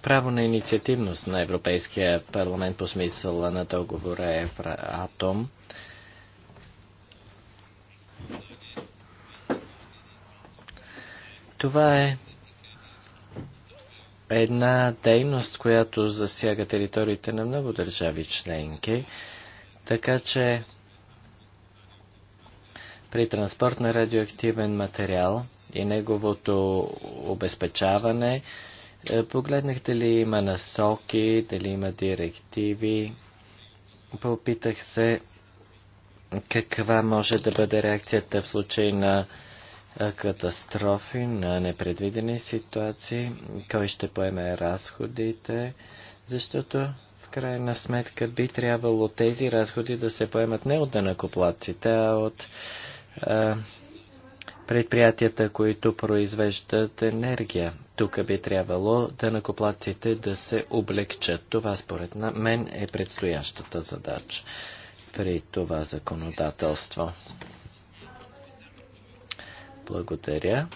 право на инициативност на Европейския парламент по смисъла на договора Евроатом. Това е една дейност, която засяга териториите на много държави членки, така че при транспорт на радиоактивен материал и неговото обезпечаване, е, погледнахте ли има насоки, дали има директиви, попитах се каква може да бъде реакцията в случай на катастрофи, на непредвидени ситуации, кой ще поеме разходите, защото в крайна сметка би трябвало тези разходи да се поемат не от данакоплатците, а от а, предприятията, които произвеждат енергия. Тук би трябвало данакоплатците да се облегчат. Това според мен е предстоящата задача при това законодателство. Благодаря.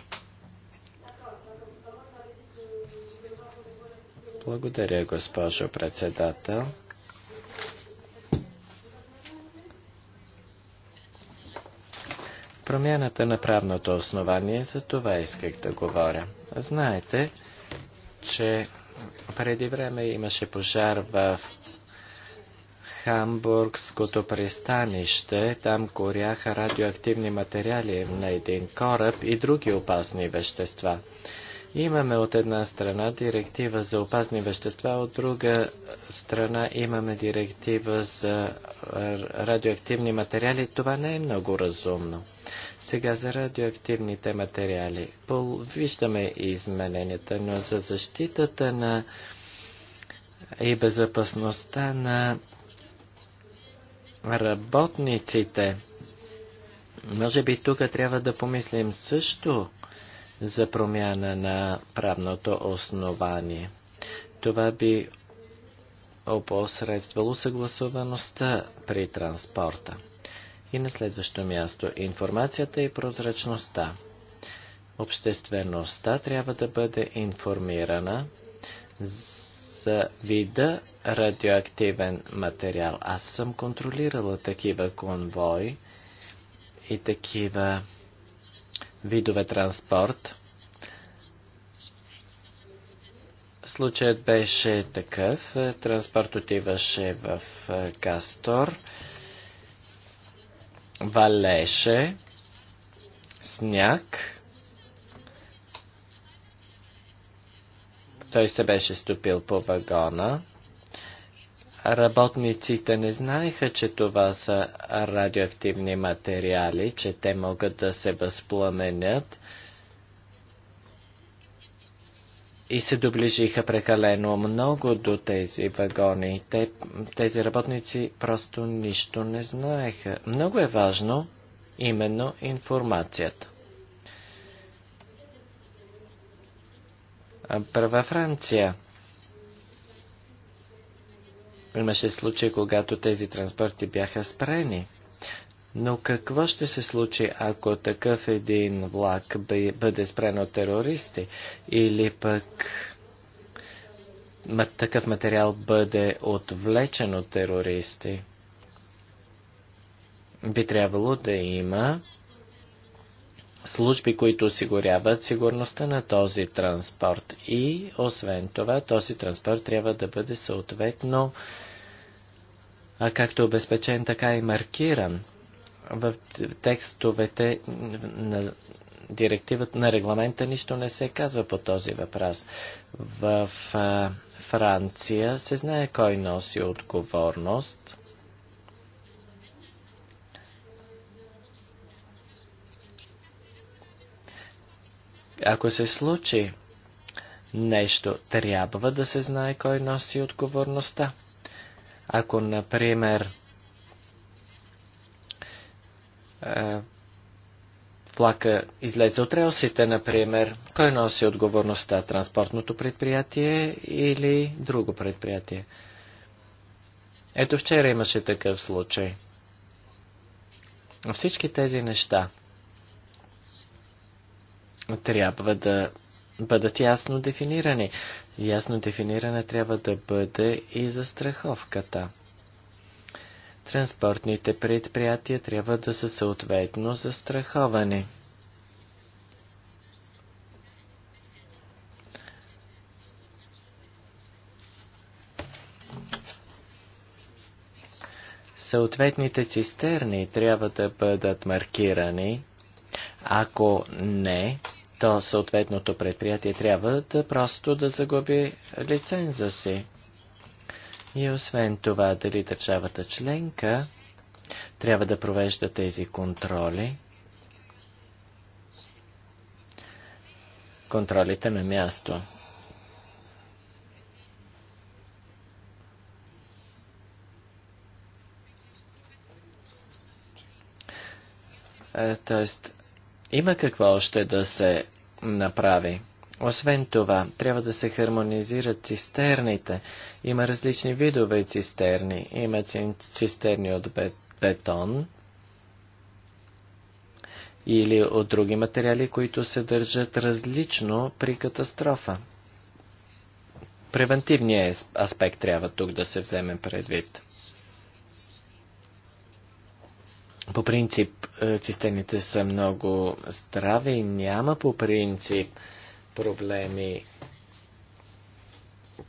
Благодаря, госпожо председател. Промяната на правното основание, за това исках да говоря. Знаете, че преди време имаше пожар в Хамбургското пристанище. Там горяха радиоактивни материали на един кораб и други опасни вещества. Имаме от една страна директива за опасни вещества, от друга страна имаме директива за радиоактивни материали. Това не е много разумно. Сега за радиоактивните материали. Пол, виждаме измененията, но за защитата на и безопасността на работниците. Може би тук трябва да помислим също за промяна на правното основание. Това би опосредствало съгласуваността при транспорта. И на следващо място информацията и прозрачността. Обществеността трябва да бъде информирана за вида радиоактивен материал. Аз съм контролирала такива конвой и такива видове транспорт. Случаят беше такъв. Транспорт отиваше в Кастор. Валеше сняг. Той се беше стопил по вагона. Работниците не знаеха, че това са радиоактивни материали, че те могат да се възпламенят и се доближиха прекалено много до тези вагони. Те, тези работници просто нищо не знаеха. Много е важно именно информацията. Права Франция Имаше случаи, когато тези транспорти бяха спрени. Но какво ще се случи, ако такъв един влак бъде спрен от терористи? Или пък такъв материал бъде отвлечен от терористи? Би трябвало да има служби, които осигуряват сигурността на този транспорт. И освен това, този транспорт трябва да бъде съответно а както обезпечен, така и маркиран в текстовете на директивата на регламента нищо не се казва по този въпрос. В а, Франция се знае кой носи отговорност Ако се случи нещо, трябва да се знае кой носи отговорността. Ако, например, е, влака излезе от релсите, например, кой носи отговорността? Транспортното предприятие или друго предприятие? Ето вчера имаше такъв случай. Всички тези неща – трябва да бъдат ясно дефинирани. Ясно дефинирана трябва да бъде и застраховката. Транспортните предприятия трябва да са съответно застраховани. Съответните цистерни трябва да бъдат маркирани. Ако не, то съответното предприятие трябва да просто да загуби лиценза си. И освен това, дали държавата членка трябва да провежда тези контроли, контролите на място. Е, тоест, има какво още да се направи. Освен това, трябва да се хармонизират цистерните. Има различни видове цистерни. Има цистерни от бетон или от други материали, които се държат различно при катастрофа. Превентивният аспект трябва тук да се вземе предвид. По принцип е, цистерните са много здрави, и няма по принцип проблеми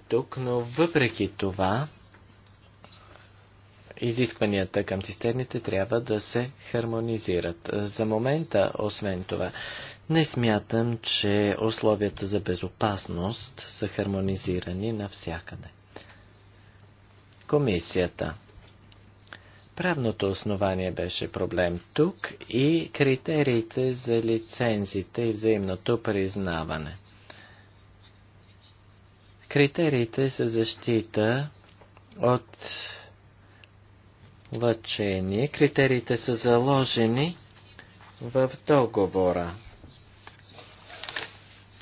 тук, но въпреки това изискванията към цистерните трябва да се хармонизират. За момента, освен това, не смятам, че условията за безопасност са хармонизирани навсякъде. Комисията Правното основание беше проблем тук и критериите за лицензите и взаимното признаване. Критериите са защита от лъчение. Критериите са заложени в договора.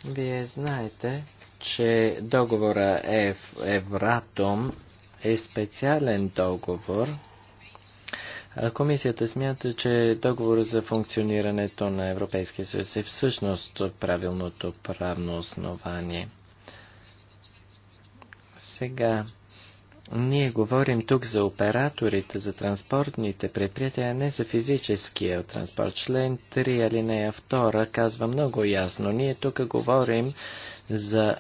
Вие знаете, че договора Евратом е специален договор, Комисията смята, че договор за функционирането на Европейския съюз е всъщност правилното правно основание. Сега, ние говорим тук за операторите, за транспортните предприятия, а не за физическия транспорт. Член 3 алинея 2 казва много ясно. Ние тук говорим за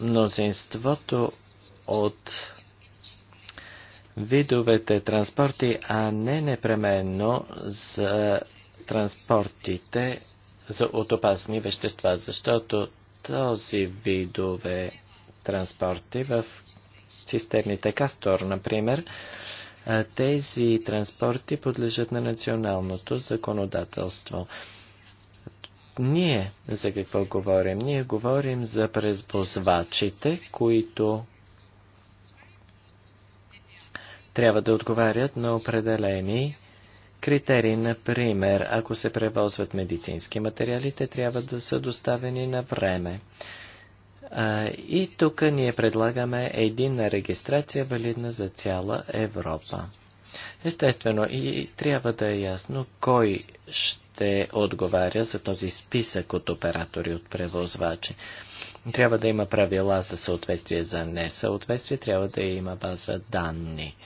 мнозинството от видовете транспорти, а не непременно за транспортите за от опасни вещества, защото този видове транспорти в цистерните Кастор, например, тези транспорти подлежат на националното законодателство. Ние за какво говорим? Ние говорим за презбозвачите, които трябва да отговарят на определени критерии. Например, ако се превозват медицински материали, те трябва да са доставени на време. И тук ние предлагаме единна регистрация, валидна за цяла Европа. Естествено, и трябва да е ясно кой ще отговаря за този списък от оператори, от превозвачи. Трябва да има правила за съответствие, за несъответствие, трябва да има база данни.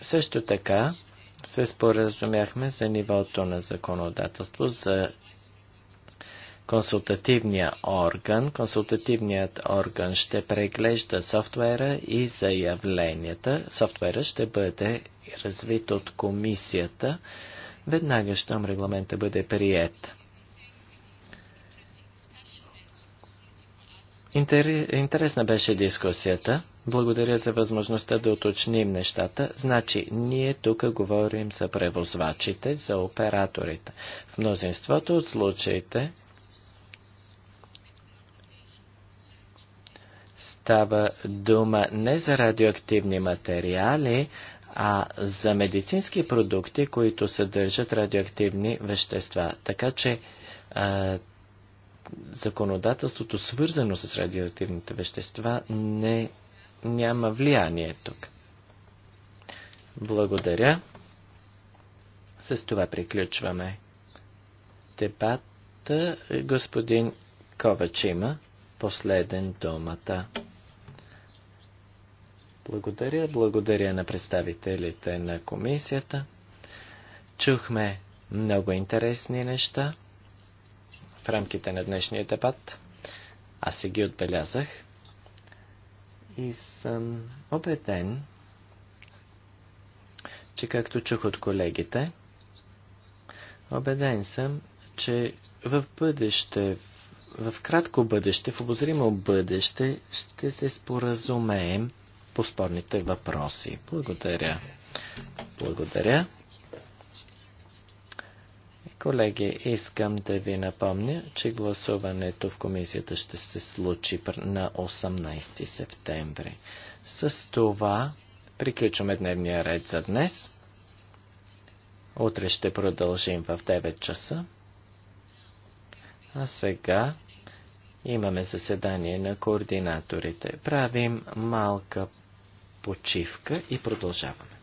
Също така се споразумяхме за нивото на законодателство, за консултативния орган. Консултативният орган ще преглежда софтуера и заявленията. Софтуера ще бъде развит от комисията, веднага щом регламента бъде прият. Интересна беше дискусията. Благодаря за възможността да уточним нещата. Значи, ние тук говорим за превозвачите, за операторите. В мнозинството от случаите става дума не за радиоактивни материали, а за медицински продукти, които съдържат радиоактивни вещества. Така че а, законодателството, свързано с радиоактивните вещества, не няма влияние тук. Благодаря. С това приключваме дебата. Господин Ковач има последен думата. Благодаря, благодаря на представителите на комисията. Чухме много интересни неща в рамките на днешния дебат. Аз си ги отбелязах. И съм убеден, че както чух от колегите, убеден съм, че в бъдеще, в, в кратко бъдеще, в обозримо бъдеще, ще се споразумеем по спорните въпроси. Благодаря. Благодаря. Колеги, искам да ви напомня, че гласуването в комисията ще се случи на 18 септември. С това приключваме дневния ред за днес. Утре ще продължим в 9 часа. А сега имаме заседание на координаторите. Правим малка почивка и продължаваме.